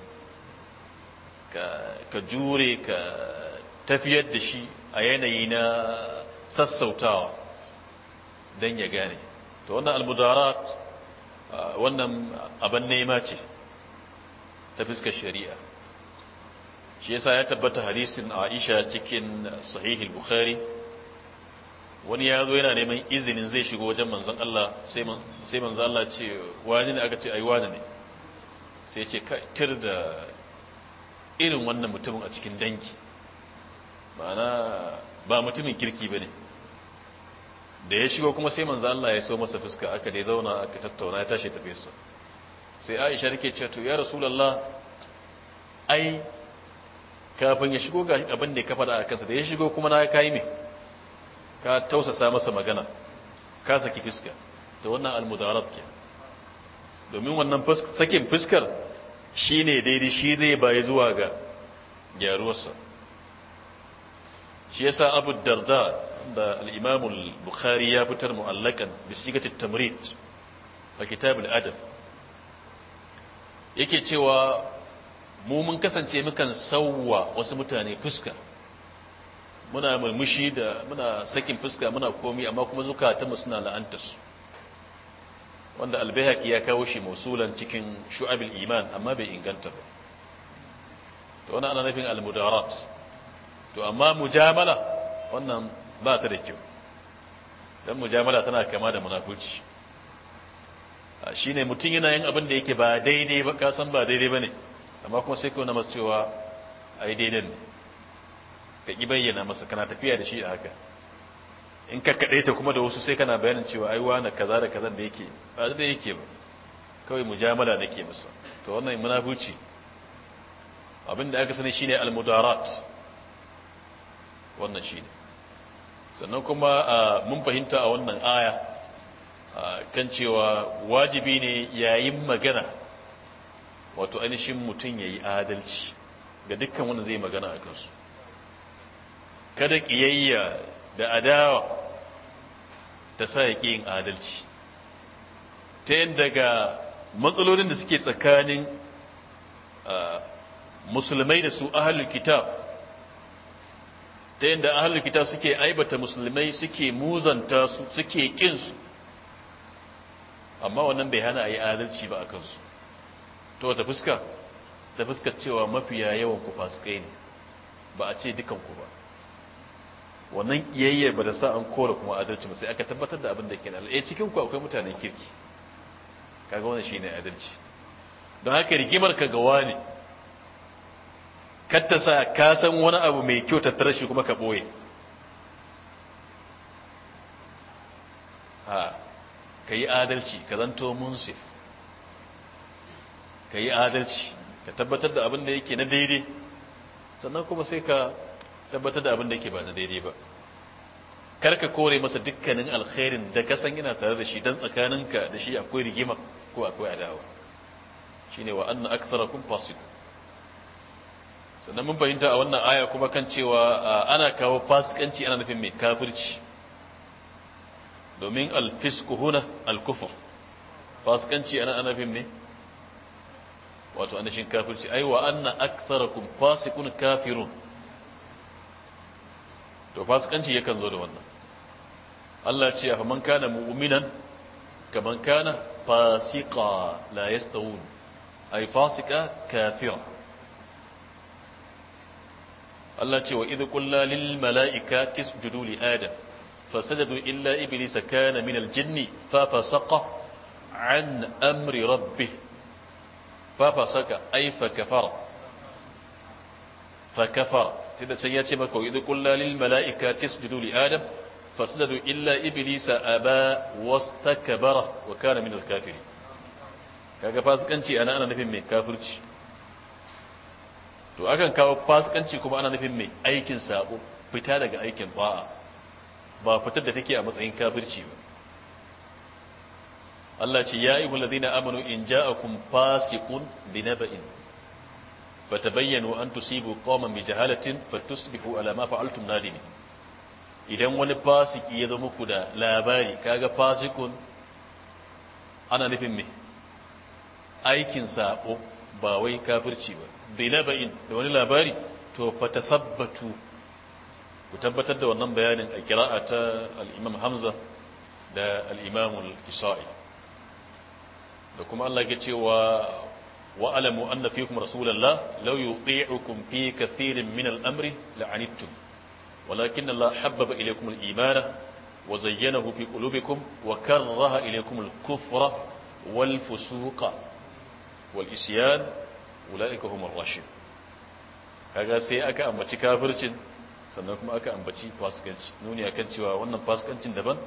ka jure ka tafiyar da shi a yanayi na sassautawa don ya gane to wannan almudarat wannan abin nema ce ta fiskar shari'a shi yasa ya tabbata hadisin Aisha cikin sahihul Bukhari wani ya zo yana neman izinin zai shigo wajen manzan Allah sai manzan Allah ce wani ne aka ce ai wani ne sai ce tir da irin wannan mutumin a cikin dangi ma'ana ba mutumin kirki ba ne da ya shigo kuma sai manzan Allah ya so masa fuska aka dai zauna aka tattauna ya tashi tafe su sai Aisha take cewa to ya rasu Rasulullah ai kafin ya shigo ga abin da ya kafa da kansa da ya shigo kuma na kai me ka tausasa masa magana ka saki fuska da wannan almudarat ke domin wannan sakin fuskar shi ne daidai shi zai bayi zuwa ga gyaruwarsa shi yasa abu darda da al'imamul bukhari ya fitar mu'allakan bisigatit tamrid a kitabul adab yake cewa mu mun kasance mukan sauwa wasu mutane fuska muna mulmushi da muna sakin fuska muna komi amma kuma zukatanmu suna la'antarsu wanda albayhaqi ya kawo shi musulan cikin shu'abil iman amma bai inganta ba to ana nufin al to amma mujamala wannan ba ta da kyau dan mujamala tana kama da munafici shine mutum yana yin abin da yake ba daidai ba ka san ba daidai bane amma kuma sai kuna masu cewa ai daidai ne ka ki bayyana masa kana tafiya da shi a haka in ka kaɗai ta kuma da wasu sai kana bayanin cewa ai wani kaza da kaza da yake ba da yake ba kawai mujamala nake masa to wannan munafuci abin da aka sani shine al-mudarat wannan shi ne sannan kuma mun fahimta a wannan aya kan cewa wajibi ne yayin magana wato ainihin mutum ya yi adalci ga dukkan wanda zai magana a kansu kada ƙiyayya da adawa ta sa ya ƙi yin adalci ta yin daga matsalolin da suke tsakanin musulmai da su ahalul kitab ta yadda ahlul likita suke aibata musulmai suke muzanta su suke kin su amma wannan bai hana a yi adalci ba a kansu to ta fuska ta fuska cewa mafiya yawan ku fasikai ne ba a ce dukan ku ba wannan kiyayyar ba da sa an kora kuma adalci ba sai aka tabbatar da abin da ke nan eh, cikin ku akwai mutanen kirki kaga wannan shine adalci don haka rigimar ka gawa ne kar ta sa ka san wani abu mai kyau tattare shi kuma ka boye ha ka yi adalci ka zanto munsif ka yi adalci ka tabbatar da abin da yake na daidai sannan kuma sai ka tabbatar da abin da yake ba na daidai ba karka kore masa dukkanin alkhairin da ka san yana tare da shi don tsakaninka da shi akwai rigima ko akwai adawa shine wa anna aktharakum fasiqun sannan mun fahimta a wannan aya kuma kan cewa ana kawo fasikanci ana nufin mai kafirci domin alfisku huna alkufur fasikanci ana nufin mai wato annashin kafirci aiwa anna aktharakum fasikun kafirun to fasikanci yakan zo da wannan Allah ce fa man kana mu'minan kaman kana fasika la yastawun Ai fasika kafira Allah ce wa idh qulna lil mala'ika isjudu li adam fasajadu illa iblisa kana min al jinni fa fasaqa an amri rabbih fa fasaka ay fa kafara fa kafara tunda sai ya ce maka wa idh qulna lil mala'ikati isjudu li adam fasajadu illa iblisa aba wastakbara wa kana min al kafirin kaga fasikanci ana ana nufin mai kafirci to akan kawo fasikanci kuma ana nufin mai aikin sabo fita daga aikin ba'a ba fitar da take a matsayin kafirci ba Allah ce ya ayyuhal ladina amanu in ja'akum fasiqun binaba'in fatabayyanu an tusibu qauman bi jahalatin fatusbihu ala ma fa'altum nadimin idan wani fasiki ya zama muku da labari kaga fasikun ana nufin aikin sabo ba wai kafirci ba binaba'in da wani labari to fatasabbatu ku tabbatar da wannan bayanin a kira'a ta al-imam hamza da al-imam al-isa'i da kuma Allah ya ce wa wa alamu anna fikum rasulullah law yuti'ukum fi kathirin min al-amri la'anittum walakin Allah habbaba ilaykum al-imana wa zayyanahu fi qulubikum wa karraha ilaykum al-kufra wal fusuqa wal isyan ula'ika humar rashin kaga sai aka ambaci kafircin sannan kuma aka ambaci fasikanci nuni akan cewa wannan fasikancin daban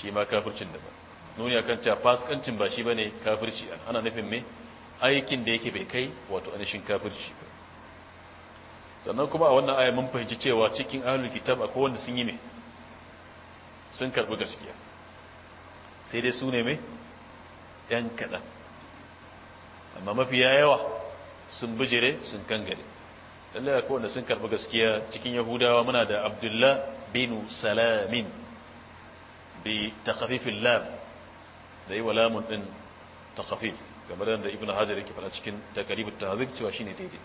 shi ma kafircin daban nuni akan cewa fasikancin ba shi bane kafirci ana nufin me aikin da yake bai kai wato anishin kafirci ba sannan kuma a wannan aya mun fahimci cewa cikin ahlul kitab akwai wanda sun yi me sun karbi gaskiya sai dai su ne me yan kaɗan amma mafiya yawa sun bijire sun kangare lallai ko wanda sun karbi gaskiya cikin yahudawa muna da abdullah bin salamin bi takhafifin lam da yi wa lamun din takhafif kamar yadda ibn hajar yake fara cikin takaribut tahzib cewa shine daidai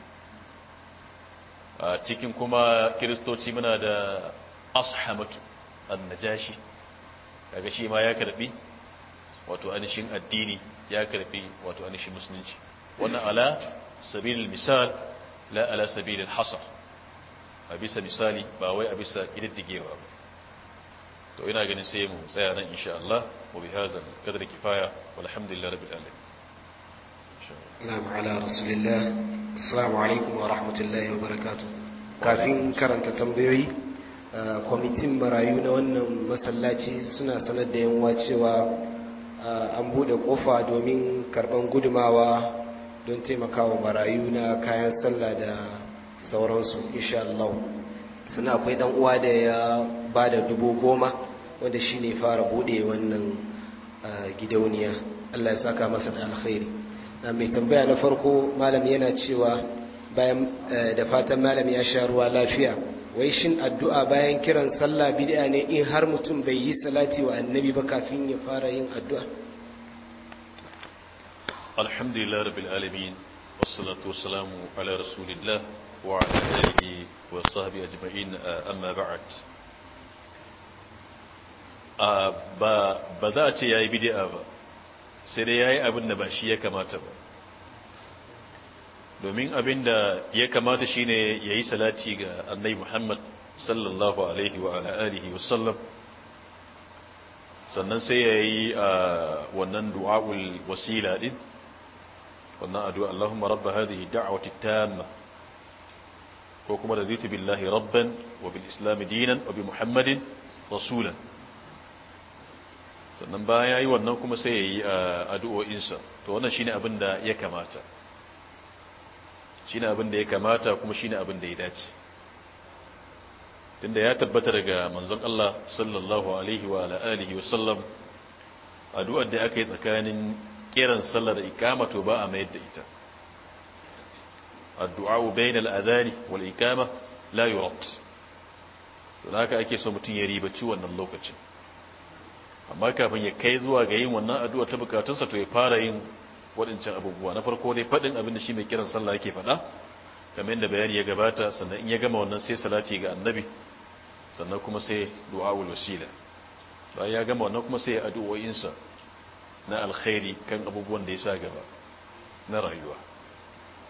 a cikin kuma kiristoci muna da ashamatu annajashi kaga shi ma ya karbi wato anishin addini ya karbi wato anishin musulunci wannan ala sabilil misal la ala sabilil hasar a bisa misali ba wai a bisa ƙididdigewa ba to ina ganin sai mu tsaya nan insha Allah wa bi hazal qadri kifaya walhamdulillahi rabbil alamin Na'am ala rasulillah assalamu alaikum wa rahmatullahi wa barakatuh kafin karanta tambayoyi kwamitin marayu na wannan masallaci suna sanar da yan cewa an bude kofa domin karban gudumawa don taimakawa marayu na kayan sallah da sauransu insha Allah suna akwai dan uwa da ya ba da dubu goma wanda shi ne fara bude wannan gidauniya Allah ya saka masa da alkhairi na mai tambaya na farko malam yana cewa bayan da fatan malam ya sha ruwa lafiya wai shin addu'a bayan kiran sallah bid'a ne in har mutum bai yi salati wa annabi ba kafin ya fara yin addu'a الحمد لله رب العالمين والصلاة والسلام على رسول الله وعلى آله وصحبه أجمعين أما بعد ba za a ce ya yi bidi'a ba sai dai ya yi abin ba shi ya kamata ba domin abin da ya kamata shine ya yi ga annai muhammad wa sannan sai ya yi uh, wannan du'a'ul wasila din wannan addu'a Allahumma rabba hadhihi da'wati tamma ko kuma raditu billahi rabban wa bil islam dinan wa bi muhammadin rasulan sannan baya yi wannan kuma sai yayi eh, addu'o'insa to wannan shine abin da ya kamata shine abin da ya kamata kuma shine abin da ya dace tunda ya tabbata daga manzon Allah sallallahu alaihi wa alihi wa sallam addu'ar da aka yi tsakanin kiran sallar ikama to ba a mayar da ita addu'a bainal adhani wal ikama la yurat to haka ake so mutun ya ribaci wannan lokacin amma kafin ya kai zuwa ga yin wannan addu'a ta sa to ya fara yin waɗancan abubuwa na farko dai faɗin abin da shi mai kiran sallah yake faɗa kamar yadda bayani ya gabata sannan in ya gama wannan sai salati ga annabi sannan kuma sai du'a'ul wasila bayan ya gama wannan kuma sai addu'o'insa na alkhairi kan abubuwan da ya sa gaba na rayuwa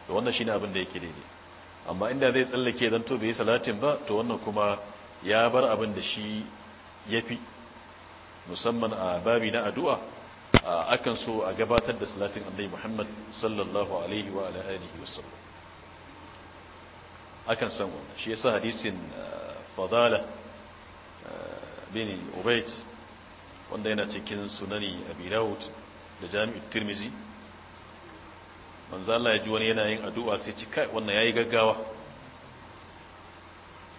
da wannan ne abin da yake daidai amma inda zai tsallake dan to bai salatin ba to wannan kuma ya bar abin da shi yafi musamman a babi na addu'a akan so a gabatar da salatin annabi Muhammad sallallahu alaihi wa ala alihi wasallam akan san wannan shi yasa hadisin eh, fadala eh, bin ubayd wanda yana cikin sunani a birawut da jami'ut turmizi manzala Allah ya ji wani yana yin addu'a sai ci kai wannan yi gaggawa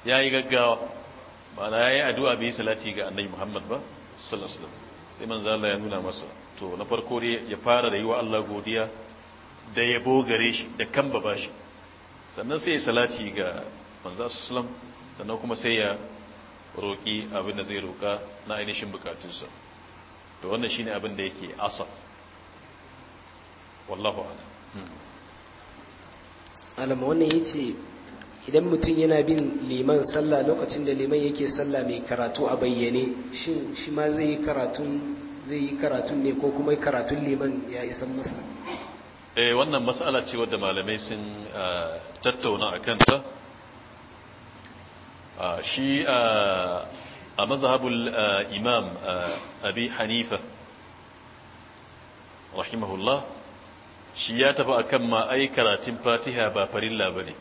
ya yi gaggawa ya yi addu'a yi salati ga annai Muhammad ba sallallahu sai manzala Allah ya nuna masa to na farko dai ya fara da yi wa Allah godiya da ya bogare shi da kamba bashi sannan sai ya salati ga manzala sallallahu sannan kuma sai ya roƙi abin da zai roƙa na ainihin bukatunsa to wannan shine abin da yake Asaf. wallahu a'lam hmm. alama wannan yace idan mutum yana bin liman sallah lokacin da liman yake sallah mai karatu a bayyane shi ma zai yi karatun zai yi ne ko kuma karatun liman ya isan masa eh wannan mas'ala ce wadda malamai sun ah, tattauna akan ta shi a mazhabul imam abi hanifa rahimahullah shi ya tafi akan ma ai karatun fatiha ba farilla bane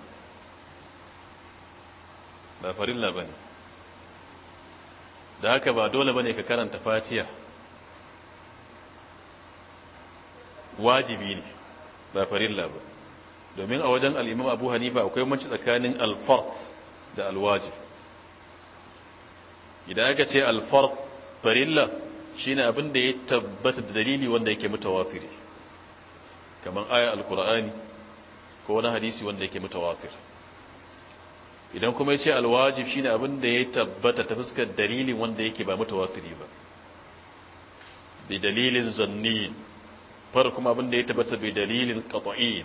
ba farilla bane da haka ba dole bane ka karanta fatiha wajibi ne ba farilla ba domin a wajen al'imam abu hanifa akwai manci tsakanin alfart da alwajib idan aka ce alfar farilla shi ne abin da ya tabbata da dalili wanda yake mutawatir kamar aya alkur'ani ko wani hadisi wanda yake mutawatir idan kuma ya ce alwajib ne abin da ya tabbata ta fuskar dalilin wanda yake ba mutawatiri ba bi dalilin zanni far kuma abin da ya tabbata bi dalilin qat'i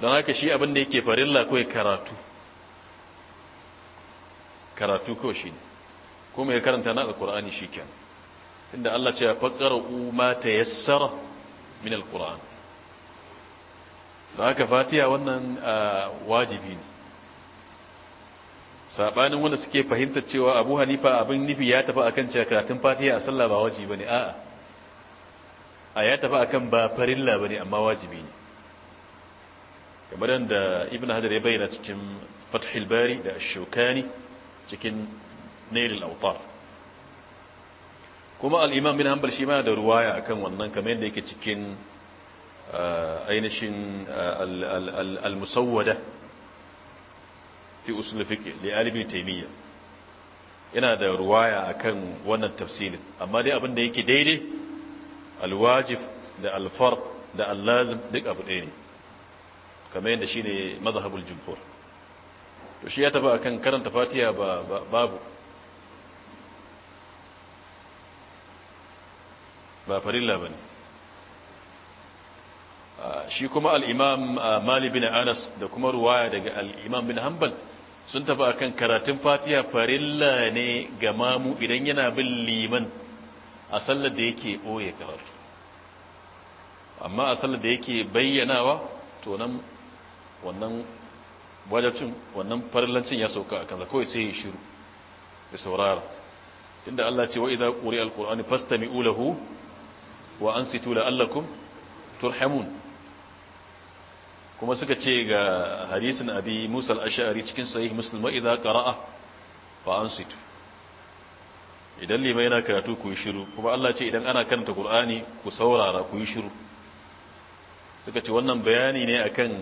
don haka shi abin da yake farilla ko ya karatu karatu ko shi ne kuma ya karanta na alkur'ani shi ken inda Allah ce ya faƙar umma ta yassara min alkur'an da haka fatiya wannan wajibi ne Saɓanin wanda suke fahimtar cewa abu hanifa abin nufi ya tafi akan cewa karatun Fatiya a sallah ba wajibi bane a'a a ya tafi akan ba farilla ne amma wajibi ne kamar yadda ibn hajar ya bayyana cikin fathil bari da Ashokani. cikin nerin autar kuma al'imam bin hanbal shi ma da ruwaya akan wannan kamar yadda yake cikin eh, ainihin eh, al-musawwada fi usul fiqh li yana da ruwaya akan wannan tafsirin amma dai abin da yake daidai alwajif da alfar da al duk abu ɗaya ne kamar yadda shine mazhabul jumhur to shi ya tafi kan karanta fatiha babu ba farilla ne. shi kuma al’imam Mali bin Anas da kuma ruwaya daga alimam bin Hanbal sun tafi kan karatun fatiya farilla ne ga mamu idan yana bin liman a sallar da yake boye karatu amma a sallar da yake bayyanawa to wannan wajabcin wannan farlancin ya sauka a kansa kawai sai ya shiru da saurara tunda Allah ce wa idza quri'a fasta mi ulahu wa ansitu kun turhamun kuma suka ce ga hadisin abi musal ashari cikin sahih musulma wa idza qara'a an ansitu idan limai yana karatu ku yi shiru kuma Allah ce idan ana karanta Kur'ani ku saurara ku yi shiru suka ce wannan bayani ne akan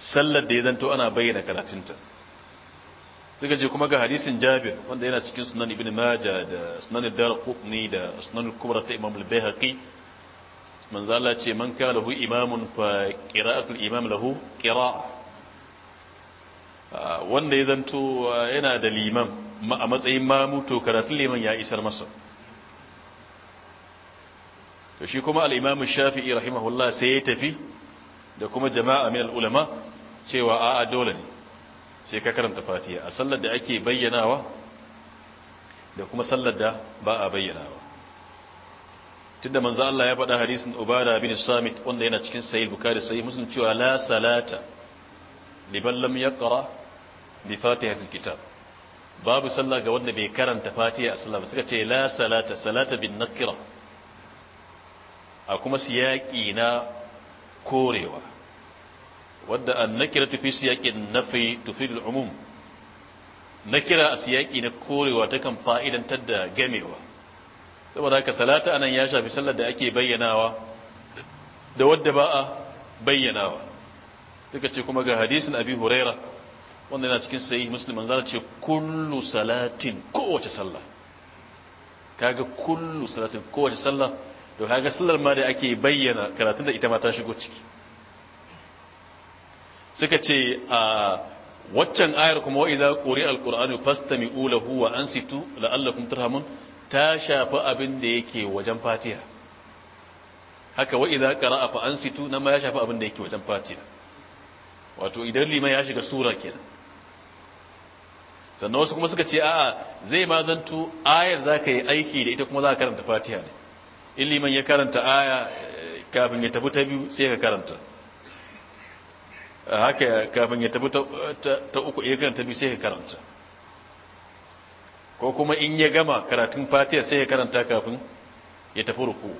sallar da ya zanto ana bayyana karatunta suka ce kuma ga hadisin jabir wanda yana cikin sunan ibn majah da sunan dar qutni da sunan kubra ta imam al-bayhaqi manzo Allah ce man kana lahu imamun fa qira'atul imam lahu qira'a ah, wanda ya zanto ah, yana da liman a matsayin mamu to karatun liman ya isar masa to shi kuma al-imam shafi'i rahimahullah sai ya tafi da kuma jama'a min al-ulama cewa a'a dole ne sai ka karanta fatiha a sallar da ake bayyanawa da kuma sallar da ba a bayyanawa tunda manzo Allah ya faɗa hadisin Ubada bin Samit wanda yana cikin Sahih Bukhari sai Muslim cewa la salata liman lam yaqra bi fatihatil kitab babu sallah ga wanda bai karanta fatiha a sallah suka ce la salata salata bin nakira a kuma siyaki na korewa wadda annakira tufi siyaƙin nafi tufidul umum nakira a siyaƙi na korewa ta takan fa'idantar da gamewa saboda haka salata anan ya shafi sallar da ake bayyanawa da wadda ba a bayyanawa suka ce kuma ga hadisin abi huraira wanda yana cikin sayi musulman zana ce kullu salatin kowace sallah kaga kullu salatin kowace sallah to kaga sallar ma da ake bayyana karatun da ita ma ta shigo ciki suka ce a waccan ayar kuma wa'iza ƙuri alƙur'ani fastami ulahu wa an situ la'allakum turhamun ta shafi abin da yake wajen fatiha haka wa'iza kara fa ansitu situ nan ma ya shafi abin da yake wajen fatiha wato idan liman ya shiga sura kenan sannan wasu kuma suka ce a'a zai ma zanto ayar za ka yi aiki da ita kuma za ka karanta fatiha ne in liman ya karanta aya eh, kafin ya tafi ta biyu sai ka karanta haka kafin ya tafi ta uku ya karanta biyu sai ya karanta ko kuma in ya gama karatun fatiha sai ya karanta kafin ya tafi ruku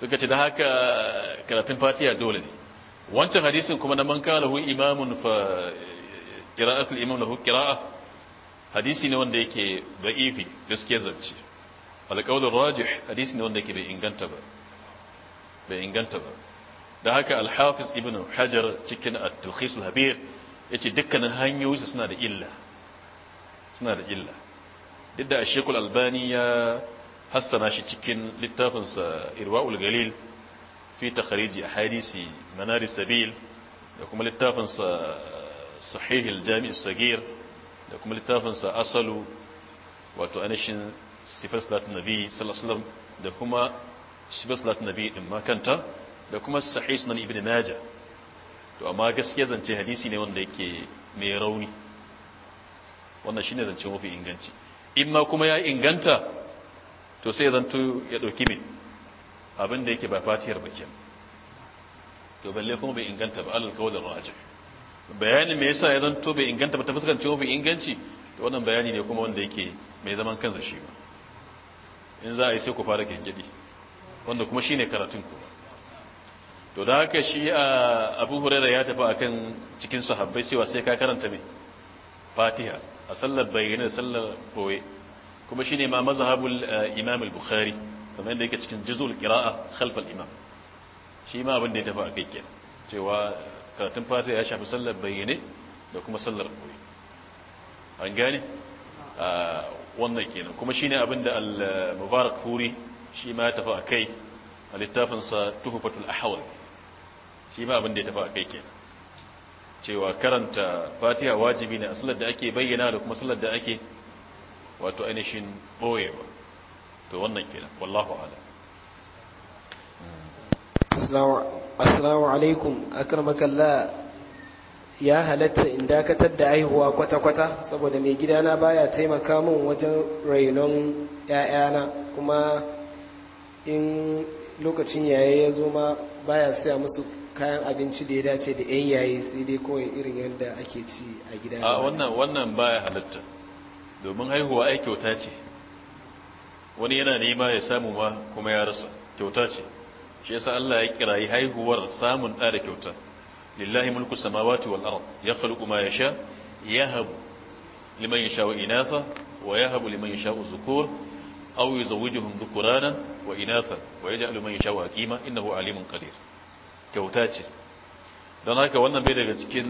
suka ce da haka karatun fatiha dole ne wancan hadisin kuma na man lahu imamun fa qira'atul imam lahu kira'a hadisi ne wanda yake da'ifi gaskiya zance alqaulur rajih hadisi ne wanda yake bai inganta ba bai inganta ba da haka alhafiz ibn hajar cikin at-tukhisul habir yace dukkanin hanyoyinsu suna da illa suna da illa duk da shekul albani ya hassana shi cikin littafinsa irwa'ul galil fi takhariji ahadisi manari sabil da kuma littafinsa sahihul jami'us sagir da kuma littafinsa asalu wato anashin sifar salatun nabi sallallahu alaihi wasallam da kuma sifar salatun nabi din makanta. da kuma sahih sunan ibn majah to amma gaskiya zance hadisi ne wanda yake mai rauni wannan shine zance mafi inganci in ma kuma ya inganta to sai zanto ya dauki min abin da yake ba fatiyar bakin to balle kuma bai inganta ba alal kawal rajih bayani me yasa ya zanto bai inganta ba ta fuskar cewa bai inganci to wannan bayani ne kuma wanda yake mai zaman kansa shi ba in za a yi sai ku fara gengedi wanda kuma shine karatun ku to da haka shi a abu hurera ya tafi a kan cikin sahabbai cewa sai ka karanta mai fatiha a sallar bayyana sallar boye kuma shi ne ma mazhabul imam al-bukhari kamar yadda yake cikin juzul qira'a khalf al-imam shi ma abin da ya tafi a kai kenan cewa karatun fatiha ya shafi sallar bayyane da kuma sallar boye an gane wannan kenan kuma shine abin da al-mubarak huri shi ma ya tafi a kai a littafinsa tuhufatul ahawar shi ma abin da ya tafi a kai ke cewa karanta fatiha wajibi ne a sallar da ake bayyana da kuma sallar da ake wato ainihin boyewa to wannan ke nan wallahu ala assalamu alaikum makalla ya halatta in dakatar da aihuwa kwata-kwata saboda mai gidana baya taimaka min wajen rainon 'ya'yana kuma in lokacin yaya ya zo ma baya siya musu kayan abinci da ya dace da yan yayi sai dai kawai irin yadda ake ci a gida a wannan wannan baya halatta domin haihuwa ai kyauta ce wani yana nema ya samu ma kuma ya rasa kyauta ce shi yasa Allah ya kirayi haihuwar samun da kyauta lillahi mulku samawati wal ard yakhluqu ma yasha yahabu liman yasha wa inatha wa yahabu liman yasha dhukur aw yuzawwijuhum dhukurana wa inatha wa yaj'alu man yasha aqima innahu alimun qadir kyauta ce don haka wannan bai daga cikin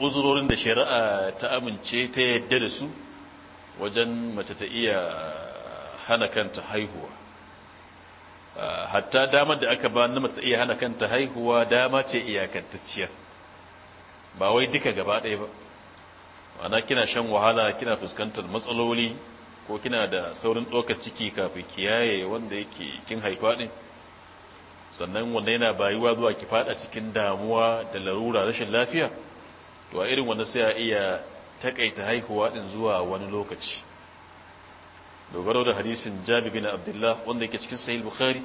uzurorin da shari'a ta amince ta yadda da su wajen mace ta iya hana kanta haihuwa hatta damar da aka ba na mace ta iya hana kanta haihuwa dama ce iyakantacciya ba wai duka gaba ɗaya ba ana kina shan wahala kina fuskantar matsaloli ko kina da saurin ɗaukar ciki kafin kiyaye wanda yake kin haifa ɗin sannan wanda yana bayuwa zuwa ki fada cikin damuwa da larura rashin lafiya to a irin wanda sai a iya takaita haihuwa din zuwa wani lokaci dogaro da hadisin Jabir bin Abdullah wanda yake cikin Sahih Bukhari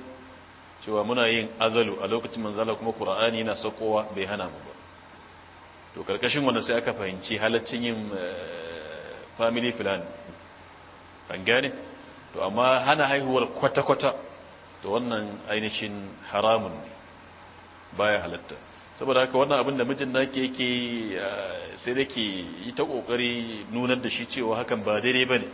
cewa muna yin azalu a lokacin manzala kuma Qur'ani yana sakowa bai hana mu ba to karkashin wanda sai aka fahimci halaccin yin eh, family plan an gane to amma hana haihuwar kwata-kwata to wannan ainihin haramun ne baya halatta saboda haka wannan abin da mijin ke yake sai da ke yi ta kokari nunar da shi cewa hakan ba daidai ne,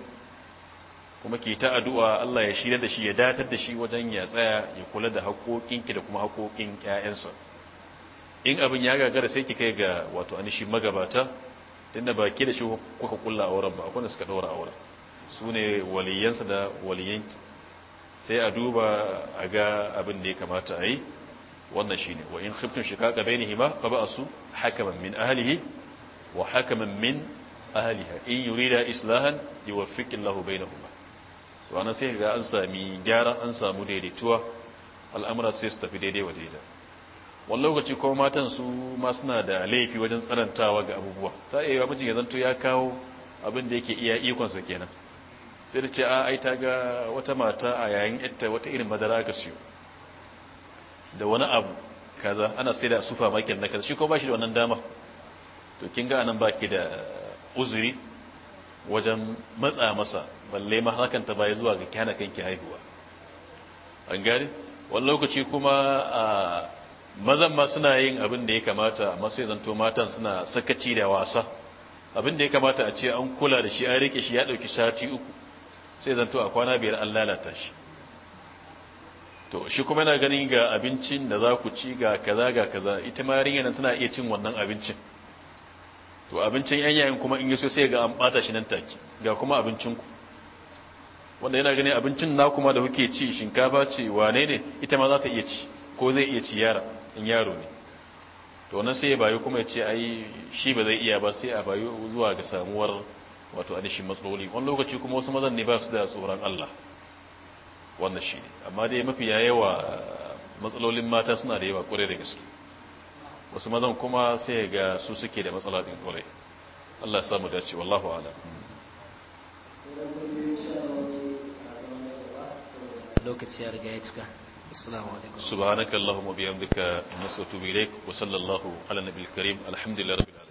kuma ke ta addu'a Allah ya shirya da shi ya datar da shi wajen ya tsaya ya kula da ki da kuma haƙoƙin ƴaƴansa in abin ya gagara sai ki kai ga wato anishi magabata tunda ba ke da shi kuka kulla auren ba akwai da suka daura auren sune waliyansa da waliyanki sai a duba a ga abin da ya kamata a yi wannan shi ne wa in khiftum shikaka bainihima su hakaman min ahalihi wa hakaman min ahaliha in yurida islahan yuwaffiqillahu na to Wannan sai ga an sami gyara an samu daidaituwa al'amura sai su tafi daidai wa daidai wani lokaci kuma matan su ma suna da laifi wajen tsanantawa ga abubuwa ta iya mijin ya zanto ya kawo abin da yake iya ikonsa kenan sai da ce a ai ta ga wata mata a yayin ita wata irin madara ga siyo da wani abu kaza ana sai da makin na kaza shi ko ba shi da wannan dama to kin ga anan baki da uzuri wajen matsa masa balle ma hakan ta baya zuwa ga kyana kanki haihuwa an gari. wani lokaci kuma a mazan ma suna yin abin da ya kamata amma sai zanto matan suna sakaci da wasa abin da ya kamata a ce an kula da shi an rike shi ya dauki sati uku sai zanto a kwana biyar an lalata shi to shi kuma yana ganin ga abincin da za ku ci ga kaza ga kaza ita ma yarinya tana iya cin wannan abincin to abincin yan yayin kuma in yi so sai ga an bata shi nan take ga kuma abincin ku wanda yana ganin abincin na kuma da kuke ci shinkafa ce wane ne ita ma za ta iya ci ko zai iya ci yara in yaro ne to nan sai ya bayu kuma ya ce ai shi ba zai iya ba sai a bayu zuwa ga samuwar wato anishin matsaloli wani lokaci kuma wasu mazan ne ba su da tsoron Allah wannan shi ne amma dai mafi yawa eh, matsalolin mata suna da yawa kwarai da gaske wasu mazan kuma sai ga su suke da matsala din kwarai Allah ya samu dace wallahu ala lokaci ya riga ya tsaka assalamu alaikum subhanakallahumma bihamdika nasatu bilayk wa sallallahu ala nabiyil karim alhamdulillahi